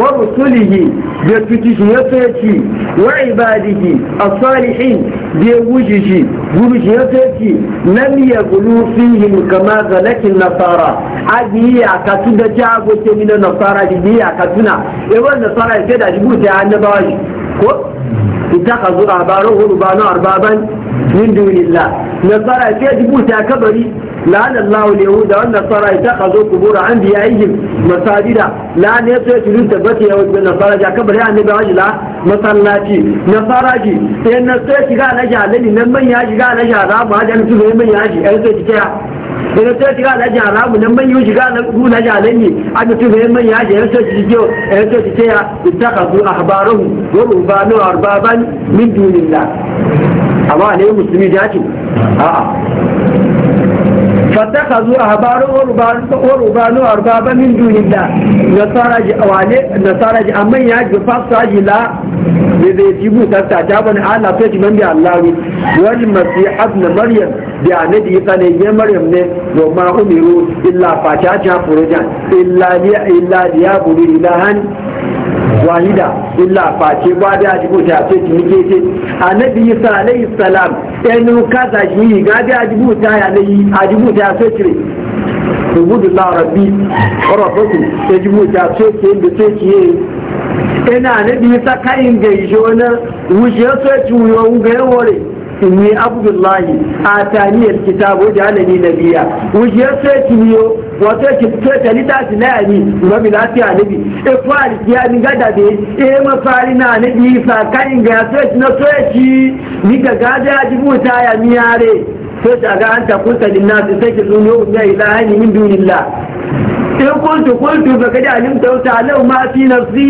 ورسله بيتوتيش يسيتي وعباده الصالحين بيوجه قلوش يسيتي لم يغلو فيهم كما غلت النصارى أجي أكتنا جاغوت من النصارى أجي أكتنا إيوان النصارى يسيد أجبوت عن نباش اتخذوا أعبارهم ربانا أربابا من دون الله نصارى كيجبوا تاكبري لعن الله اليهود والنصارى اتخذوا قبور أنبيائهم مساجد لعن يسوع يسجدون تبت يهود والنصارى جاكبري عن نبي رجلا masallaci nasara ji sai na sai shiga na jalali nan man ya shiga na jara ba da su ne man ya shiga sai ki daga to shiga alhaji haramu nan manyan shiga na guna jalan ne a mutum da man ya je yanzu shi jiyo yanzu shi ce ya ta ittaka zu ahbarahu wa rubanu arbaban min da amma ne musulmi da ake a'a فاتخذوا أحبارهم وربانهم أربابا من دون الله نصارى جوالي نصارى جأمين يجب فاقصى جلا بذيتيبو تستعجابا على فيش من بي الله والمسيح ابن مريم بيانه دي سنه مريم نه وما أمروا إلا فاتحة فرجان إلا ليعبدوا إلهان wahida illa face ba da ji buta sai ki nike ce annabi isa alayhi salam ɗan ka za shi ga da ji buta ya alayhi a ji buta sai ki rubudu la rabbi rabbuku sai ji buta sai ki da sai ki ina annabi isa kain na wuce sai ki wuyo ga ni abdullahi a taniyar alkitab wa jalani nabiya wuje sai kiniyo wato ki ta lita ti na ni ma bi lati alibi e fari ya ni gada de e ma fari na ne bi sa kan ga sai na sai ki ni ga gada ta ya miyare sai ta ga an ta kunta linnasi sai ki ne ya ni min dunillah in e kuntu kuntu baka da alimta wata alau ma fi nafsi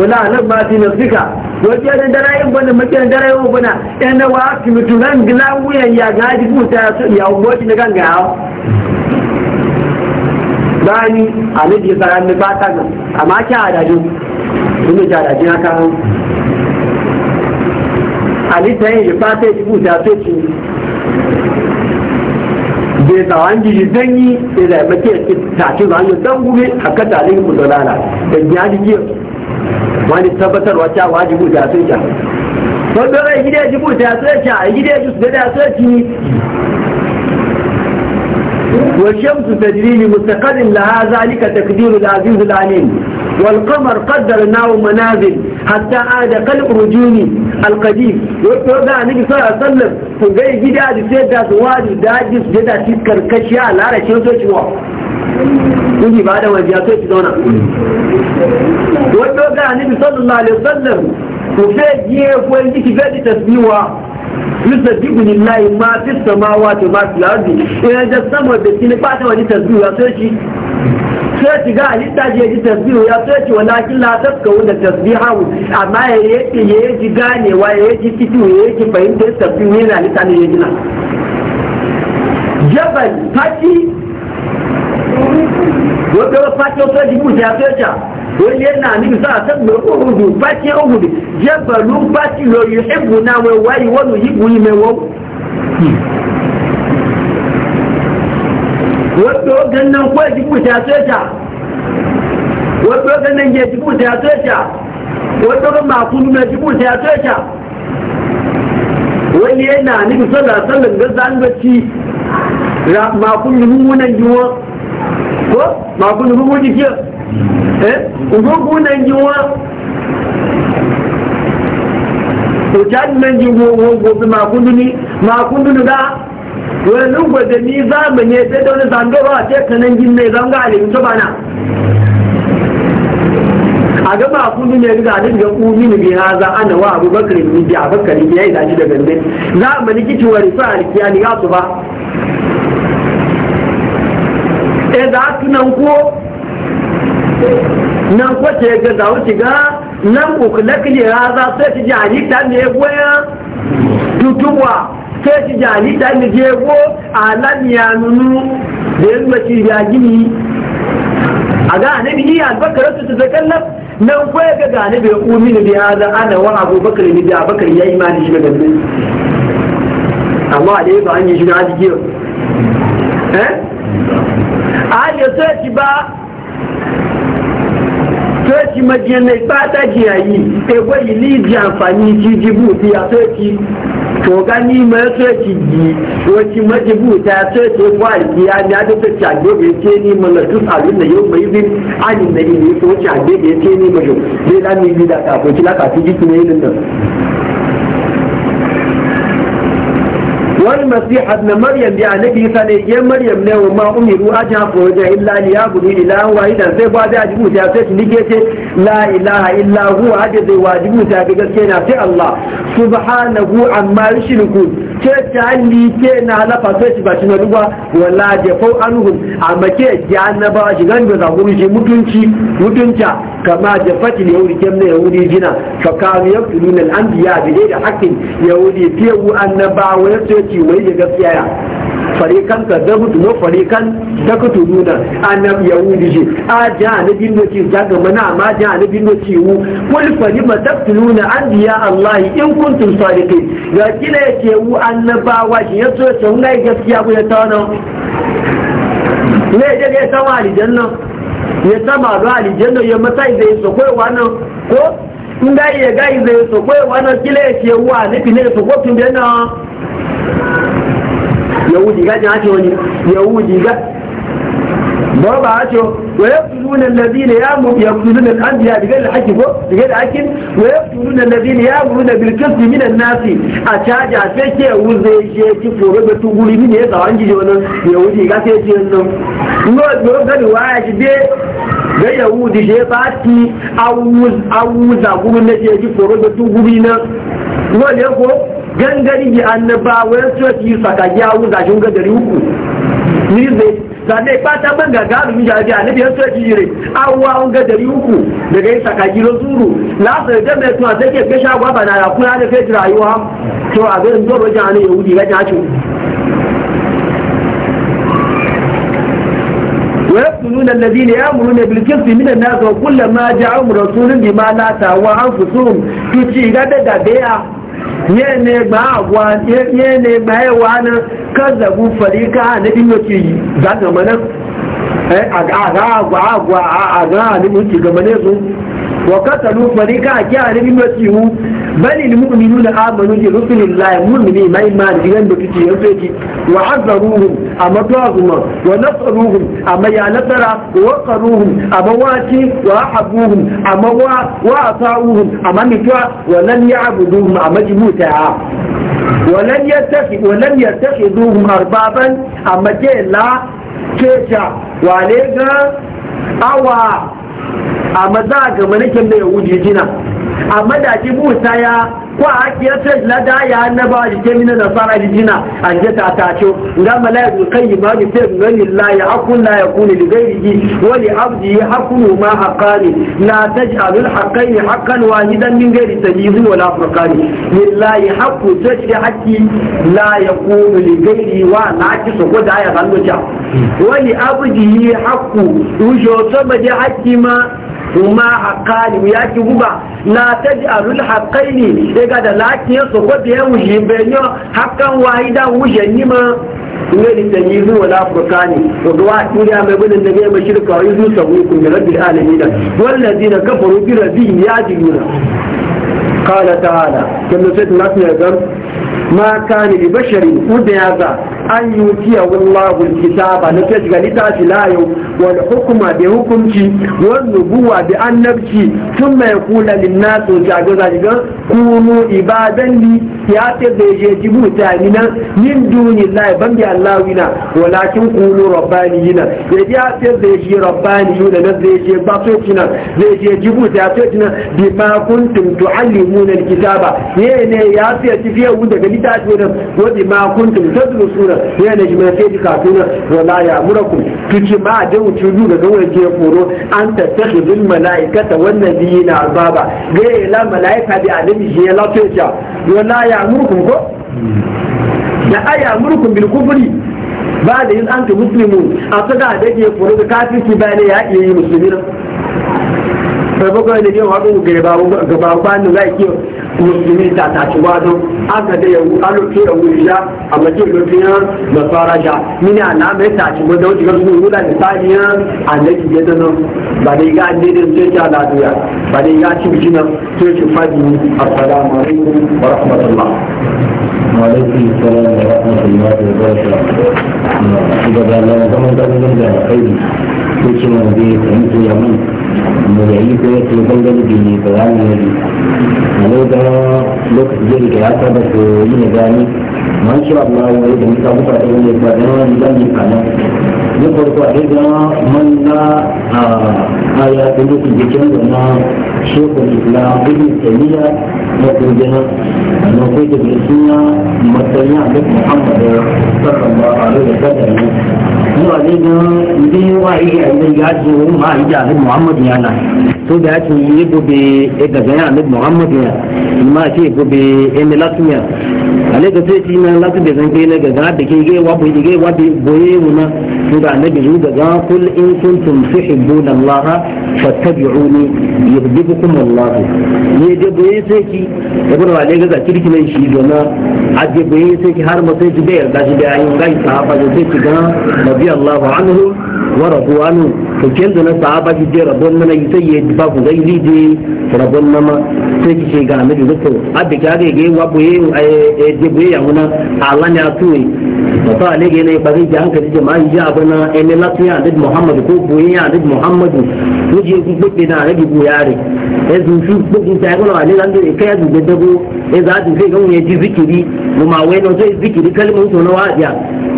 wala alau ma fi nafsika wajen da dara yin bane mace dara yin bane ɗan da wa ki mutunan gila wuyan ya ga kuta ya sun ya wuwa na ganga ya bani alaji ya tsara ni ba ta nan amma ki adajo kuma ki adajo ya kan alita yin rifa ta yi kuta ta ci bai tsawon jiji zanyi sai da ya mace ta ci zan yi dan gube a kata alaji mutunana da ya ji wani tabbatarwa cewa wajibu da sun can wanda rai gida ya jibu da sun can a gida ya jibu da sun ci والشمس تجري لمستقر لها ذلك تقدير العزيز العليم والقمر قدرناه منازل حتى عاد كالأرجون القديم يقول النبي صلى الله عليه وسلم فجاي جدا سيدا سواد داجس جدا تذكر كشيا لا رشيوتو شوا kun ba da wajiya sai ki zauna mm. wanda ga annabi sallallahu alaihi wasallam ku fe je ko yin ki fe di tasbiwa yusabbihu lillahi ma fi samawati wa ma fil ardi ina da sama da kin ba ta wani tasbiwa sai ki sai ki ga halitta je ji tasbihu ya sai ki walakin la taskawu da tasbihahu amma ya yake ya ji ganewa ya ji fitu ya ji fahimtar tasbihu yana halitta ne ya gina jabal taki wata fati wata jibu ya fecha wani na ni bisa a san mai uhudu fati uhudu jebalu fati lo yi ibu na wai wayi wani yi me mai wau wata gannan kwa jibu ya fecha wata gannan ya jibu ya fecha wata ga makulu na jibu ya fecha wani yana ni bisa da sallan ga mu makulu yi yiwuwa ko ma kun rubu jike eh ugo na jiwa to jan nan ji wo wo go ma kun ni ma kun da wani lugwa da ni zamani sai da wani zangaro ka ce kanan jin mai zanga alimin to bana a ga ba kun ne ga da ga kumi ne bi haza ana wa Abu Bakar ibn Abi Bakar ya yi da daji da gande zamani kici wa rifa alkiyani ga su ba ce za su nan ko nan ko ce ga za wuce ga nan ko kula kilira za su ci jani ta ne goya tutuwa sai ci jani ta ne je go a lamiya nunu da ya zuwa ci ya gini a ga bi iya bakar su ta zakan nan nan ko ya ga gane bai ku mini bi ya za ana wa abubakar ne da bakar ya imani shi da gaske amma da ya ba an yi shi na ajiyar ààyè tó ti bá tó ti mọ̀jìnà ìpátájì àyí ewé yìí ní ìdí àǹfààní ti dìbò bí àtó ti tòga ní ìmọ̀ tó ti jì wọ́n ti mọ̀ dìbò tí a tó ti àmì àdókò tí àgbègbè tí ní ìmọ̀ lọ tó nà yóò mọ̀ ibi àyè nà ìlú tó ti àgbègbè tí ní ìmọ̀ yóò lé lámì ìlú dàtà wal masih ibn maryam bi annabi isa ne yan maryam ne wa ma umiru aja ko ja illa li yabudu ilaha wahidan sai ba a ajibu ta sai nike ce la ilaha illa hu hada zai wajibu ta ga gaske na sai allah subhanahu amma yushriku ce ta ni ke na lafa sai shi ba shi na ruwa wala jafau anhum amma ke jannaba shi gan da zaguru shi mutunci mutunta kama jafati ne yahudi kem ne yahudi jina fa kanu yaqtuluna al-anbiya bi da haqqin yahudi fiyu annabawa yace musulunci mai ya gaskiya ya farikan ka mutu no farikan da ka tuduna annab wuri ji a na da ci daga mana ma na da ci wu wal farima taqtuluna anbiya allah in kuntum sadiqin ya kila ce wu annabawa shi ya sai mun ga gaskiya ku ya tawana ne daga sama aljanna ya sama ga aljanna ya matai da so kai wannan ko in ga ya ga zai so kai wannan kila ce wu a nufi ne so ko tun da na yahudi ga jin ake wani yahudi ga ba ba a ce wa ya na nuna lazina ya mu ya fi nuna al'adiyya diga da haƙi ko diga da haƙin wa ya na nuna lazina ya mu nuna bilkirti minan nasi a caja sai ke wuze je ki foro da tuguri ne ya zawon gije wani yahudi ga sai ce nan no no ga ni waya ji de ga yahudi shi ba ti awuz awuza gurin da je ki foro da tuguri na no ne ko gangari bi an wani church yi saka yawo ga shun ga dari uku ni zai zane fata ban ga garu mi jaji annabi ya church yi re awwa ga dari uku daga yi saka giro zuru la da mai tuwa ke ga shagwa bana ya kuna da kai rayuwa to a ga ne yahudi ga الذين يأمرون بالقسط من الناس جاءهم رسول بما لا تهوى أنفسهم ihe na egbe àwọ yẹn na ẹgbà ẹwà náà kọ́zàbù fàríkà níbi lókè zàgàmọ́ náà àgbà àgbà àgbà àgbà àníbùtì وقتلوا فريقا كان بمسيح بل المؤمنون آمنوا برسل الله مؤمنين ما إيمان بهم بكتير فيتي وعذروهم أما تعظم ونصروهم أما يالترى ووقروهم أما واتي وأحبوهم أما وأطاعوهم أما نتوى ولن يعبدوهم أما جموتا ولن يتخذ ولن يتخذوهم أربابا أما جيلا كيشا وليغا أوا amma za a gama nake ya wuji jina amma da ki musa ya ko a ki yasa da ya na ba ji ke mina da fara jina an je ta tacho ga malaiku kai ma ji sai ga lillahi aqul la yakunu li ghairihi wa li abdi haqlu ma haqqani la taj'alu al haqqain haqqan wahidan min ghairi tamyiz wa la furqani lillahi haqqu tajri haqqi la yakunu li ghairihi wa la ki so ko da ya zango ja hmm. wa li abdi haqqu ujo so ba je haqqi ma kuma haƙani ya ki guba la ta ji a rul haƙai ne daga da lafiyar su kwafi ya wuce benyo haƙan wahida wuce ni ma ne ni yi zuwa lafurka ko ga wa turiya mai gudun da bai bashir kawai zuwa sabu kun da rabbi alamina wallazi da kafaru bi rabbi ya ji nuna قال تعالى كما سيدنا نسمع ma kani li bashari kuda ya za an yi wuciya wallahu kitaba na ta shiga littafi layo hukuma da hukunci wal nubuwa da annabci tun mai kula lin nasu jago za shiga kunu ibadan li ya ta da je jibu ta ni nan min duni lahi ban bi allahina walakin kunu rabbaniyina ya ya ta da je rabbaniyuna na zai je ba so kina zai je jibu ta so kina bima kuntum tuallimuna alkitaba yene ya ta tafiya daga littafi da wani ma ta tadlu suna, ya ne jima sai di kafuna wala ya murakum kici ma da wuce du daga wani ya koro an mala'ika ta tattakhidul malaikata wan nabiyina arbaba ga la malaika bi alimi je la tuja wala ya murakum ko da aya murkum bil kufri ba da yin anta muslimun a sada da ke koro da kafin ba ne ya iya yi musulmi sai bakwai ne yau haɗu ga babu kwanin za a kiyo musulmi ta tashi wado aka da yau alu ke da wuya a mace lokacin masaraja mini alamai tashi wado shiga su wula da saniya a nake ya dano ba dai ga ne da sai ta lafiya ba da ga ci bikina sai ki fadi assalamu alaikum wa rahmatullah وعليكم السلام ورحمة الله وبركاته. إذا قال لنا كما قال لنا خير، كل شيء مهدي فهمت يا من yayi ko ya lokaci dangane da bayani ne ne da lokacin da ya saba to yi ne gani man shi Allah wa da muka buka da ne ba da wani dan ne kana ne farko a da man na aya da yake jikin da na shehu Islam ibn Taymiya da kuma na ko da sunna matsayin da Muhammad sallallahu alaihi wa ba mu a da ne wai da ya ji mu ma ya Muhammad yana to da yake yi gobe e daga ya Ahmed Muhammad ya eh, ma ce gobe e ne latinya ale ga sai tina lati da zan kai ga da ke ga wa boye ga wa boye wuna to da annabi zu daga kul in kuntum tuhibbuna Allah fattabi'uni yuhibbukum Allah ne da boye sai ki da ba ale ga zaki kirki ne shi dona a da boye sai ki har mutai ji da yarda shi da ayin ga sahaba da sai ki ga nabi Allah anhu wa radwanu to kin da sahaba ji da rabon na ito ye ba ku gai li de rabon nama sai ki ce ga nabi zuko abbi ka ga gai wa bu de bu ya wuna ala ne atuwe wato ale ga ne ba zai ji hankali jama'a ji na ene latiya da muhammadu ko buye ya da muhammadu ko je ku gbe na rabi buyare ya zufi bugun ta yakuna wale zan dole kai ya zuge dago ya za su sai gamu ya ji zikiri kuma wai na zai zikiri kalmar to na wajiya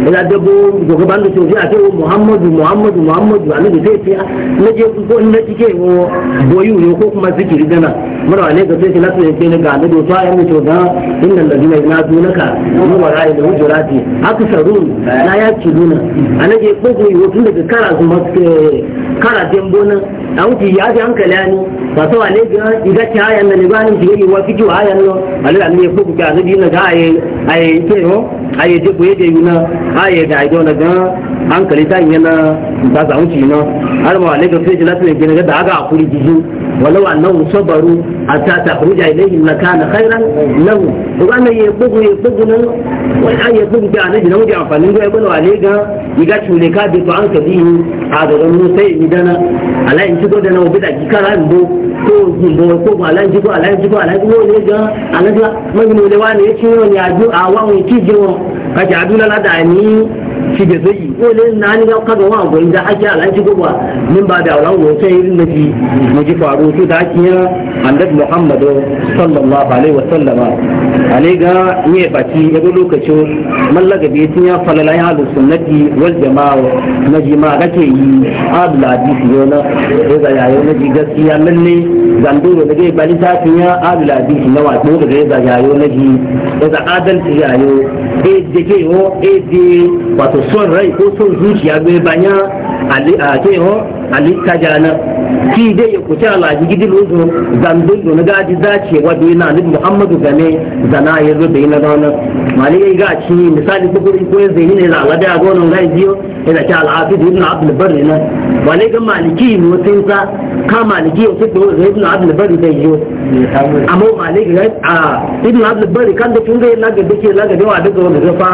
ya za dago goga ban da tobi a ce wa muhammadu muhammadu muhammadu a nake sai ce na je ko in na cike ko boyu ne ko kuma zikiri gana mara wale ga sai na tsaye ne ga na do sai mu to da inna allazina yanazunaka min wara'i da hujurati aksarun la yakiluna anaje bugun yo tun daga kara kuma kara dembo nan a wuce ya ji hankali ne ba sawa ale ga iga ta ayan nan ba ni ji wa fiji ayan no ale an ko ku ga na ga aye aye ke ho aye je ku ye yuna aye ga na ga an kali ta yin na ba za wuci no har ma ale ga fiji latin ga da aga akuri jiji walau annahu sabaru hatta takhruja ilayhim lakana khairan lahu to ga ye bugu ye bugu wani ya gudu da anaji namiji amfanin goya bala wale ga iga cule ka bi to an ka biyu a ga gano sai ni dana ala in jigo da na obi da kika ran bo ko jimbo ko ala in jigo ala in jigo ala in jigo ne ga ala ga magino da wani ya ci yau ne a ju a wani ki jiwo ka ji adu na da ni shi da zai ole na ni ga wa go inda ake alaji gowa min ba da ran go sai irin nabi mu ji faru to da kiya annabi Muhammad sallallahu alaihi sallama ale ga ne baki ya go lokaci mallaka bi tun ya falala ya sunnati wal jamaa na jima kake yi abla hadisi yona da yayin na ji gaskiya lalle zambe da zage bali ta fi ya adul hadisi na wato da zai yayo na ji da za adalci yayo e dege ho e de wato son rai ko son zuciya bai banya ali a ke ho ali jana ki dai ya kuce alaji gidi lozo zandun da ga ji dace wa dai na nabi muhammadu game zana ya zo da ina da wannan mali yayi ga ci misali ko kuri ko zai ne la alada ga wannan ga jiyo ina ta alafi da ibn abd al-barr ne wale ga maliki ne sun sa ka maliki ya tudo ibn abd al-barr da jiyo amma maliki ga a ibn abd al-barr kan da tunga yana ga dake la ga dawa daga wannan fa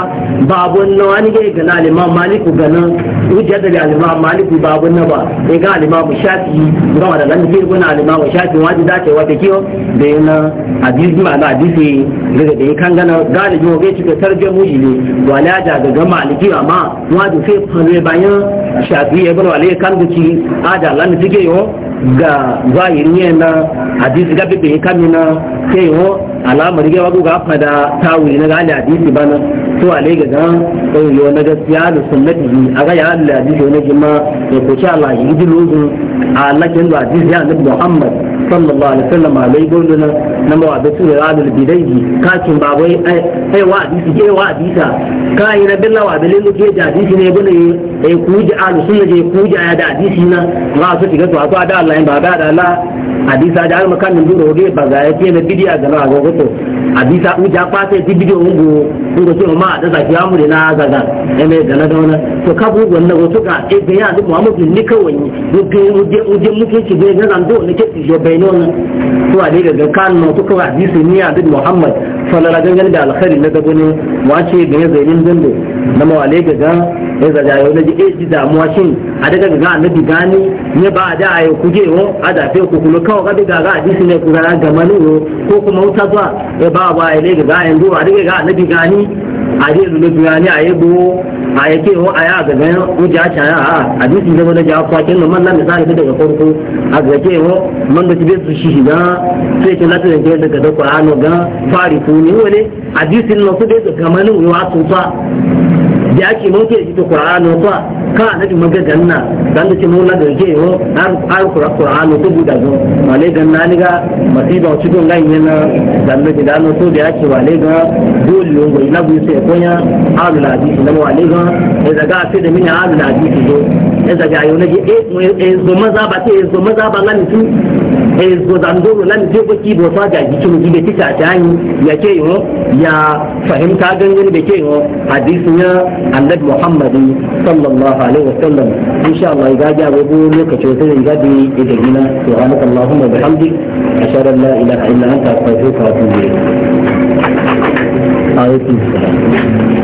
babun wani ga ga gana imam maliku ganin nan da al-imam maliku babu na ba ga al-imam shafi'i nga wada lan fi guna alima wa shafi waji da ce wata kiyo da yana hadisi ma na hadisi daga da kan gana galibi wa gaci da tarbiyyar mujili wala da ga gama aliki amma waji sai fare bayan shafi ya bar wale kan duci ada lan fi ke yo ga zahirin yana hadisi ga bibi kan na ke yo alamar ga wago ga fada tawi na ga hadisi bana to ale ga ga yo na gaskiya da sunnati a ga ya Allah hadisi ne jima ko sha Allah yi dilu alakin da hadisi ya annabi Muhammad sallallahu alaihi wasallam alai gondo na na mawa da su da bidaiji kakin babai ai wa hadisi ke wa hadisa kai na billa wa bilin ke da hadisi ne bane ai kuji alu sunna je kuji ya da hadisi na ma su tiga to akwai da Allah in ba da Allah hadisa da almakan duro ge ba ga yake na bidiya ga na ga abisa uja fata ti bidiyo ungo ungo ce ma da zaki ya mu na zaga e me da na da wannan to ka wato ka ya Muhammadu ni uje uje muke ci ne ke to ga kan no to ka ni ya Muhammad falala gangan da alkhari na gabo ne ce ga ya zainin dindo na mawale ga ga ya zaja yau na ji e ji damuwa shin a daga ga na bi gani ne ba a da a ayo kuje yau a da fe ku kuma kawai ga ga hadisi ne ku ga ga manu ko kuma wuta zuwa ya ba ba ile ga ga yanzu a daga ga na bi gani aje lulu tuyani aye bo aye ke ho aya ga ga ko ja cha ya a ji da wala ja kwa kin man nan misali daga farko a ga ke ho man da su shi ga sai ke lati da daga da Qur'ani ga fari ko ne wani a ne tin no da ga wa da ake mawuke da shi qur'ano to ka na ji magagan na dan da ce mun na garje yo har al qur'ano to da zo wale dan na ni ga masiba wacce don ganye na dan da da so to da ake wale ga dole yo go ina bu sai konya na hadisi na wale ga zaga ga fi da mini alul su do ya zaga yau na ji eh, eh zo maza ba ce eh, zo maza ba na tu e zo da ndoro lan je baki bo fa ga jiki mu gibe ta tani ya ke yo ya fahimta gangan da ke yo hadisin ya annabi muhammadi sallallahu alaihi wasallam insha Allah ya ga ga go lokaci sai ya ga da gina subhanakallahumma wa bihamdik ashhadu an la ilaha illa anta astaghfiruka wa atubu ilayk ayatul salam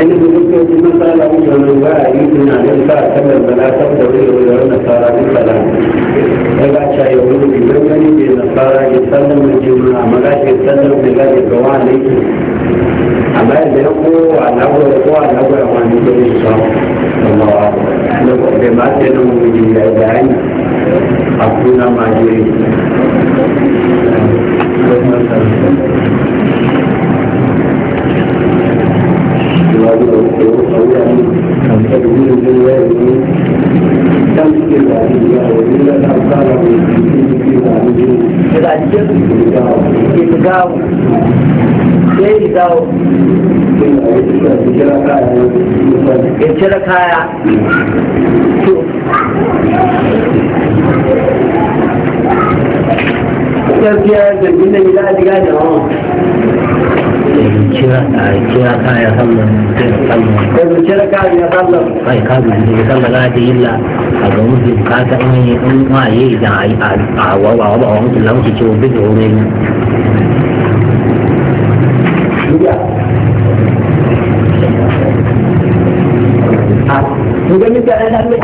in da duka yi masala yi wani ba a yi suna yin sa a kan lambala ta da wuri wuri wani ta salam ya ga cha ya wuri bi don gani ne nasara ya sallar da jimu a magashi ya sallar da gani ga wa ne ke a bayan da ya kowa na gura kowa na gura ma ne gani su samu amma wa ko bai ma sai nan wuri yi da hanyar a kuna ma je ya yi ya cire kaya gaskiya da gina gida a jiga da hawa kira ka kaya sallan kira sallan yanzu kira kaya sallan ai ka ga ne sallan na da illa a ga musu ka ta in ma da a wa wa wa wa musu lamu ce bi da wurin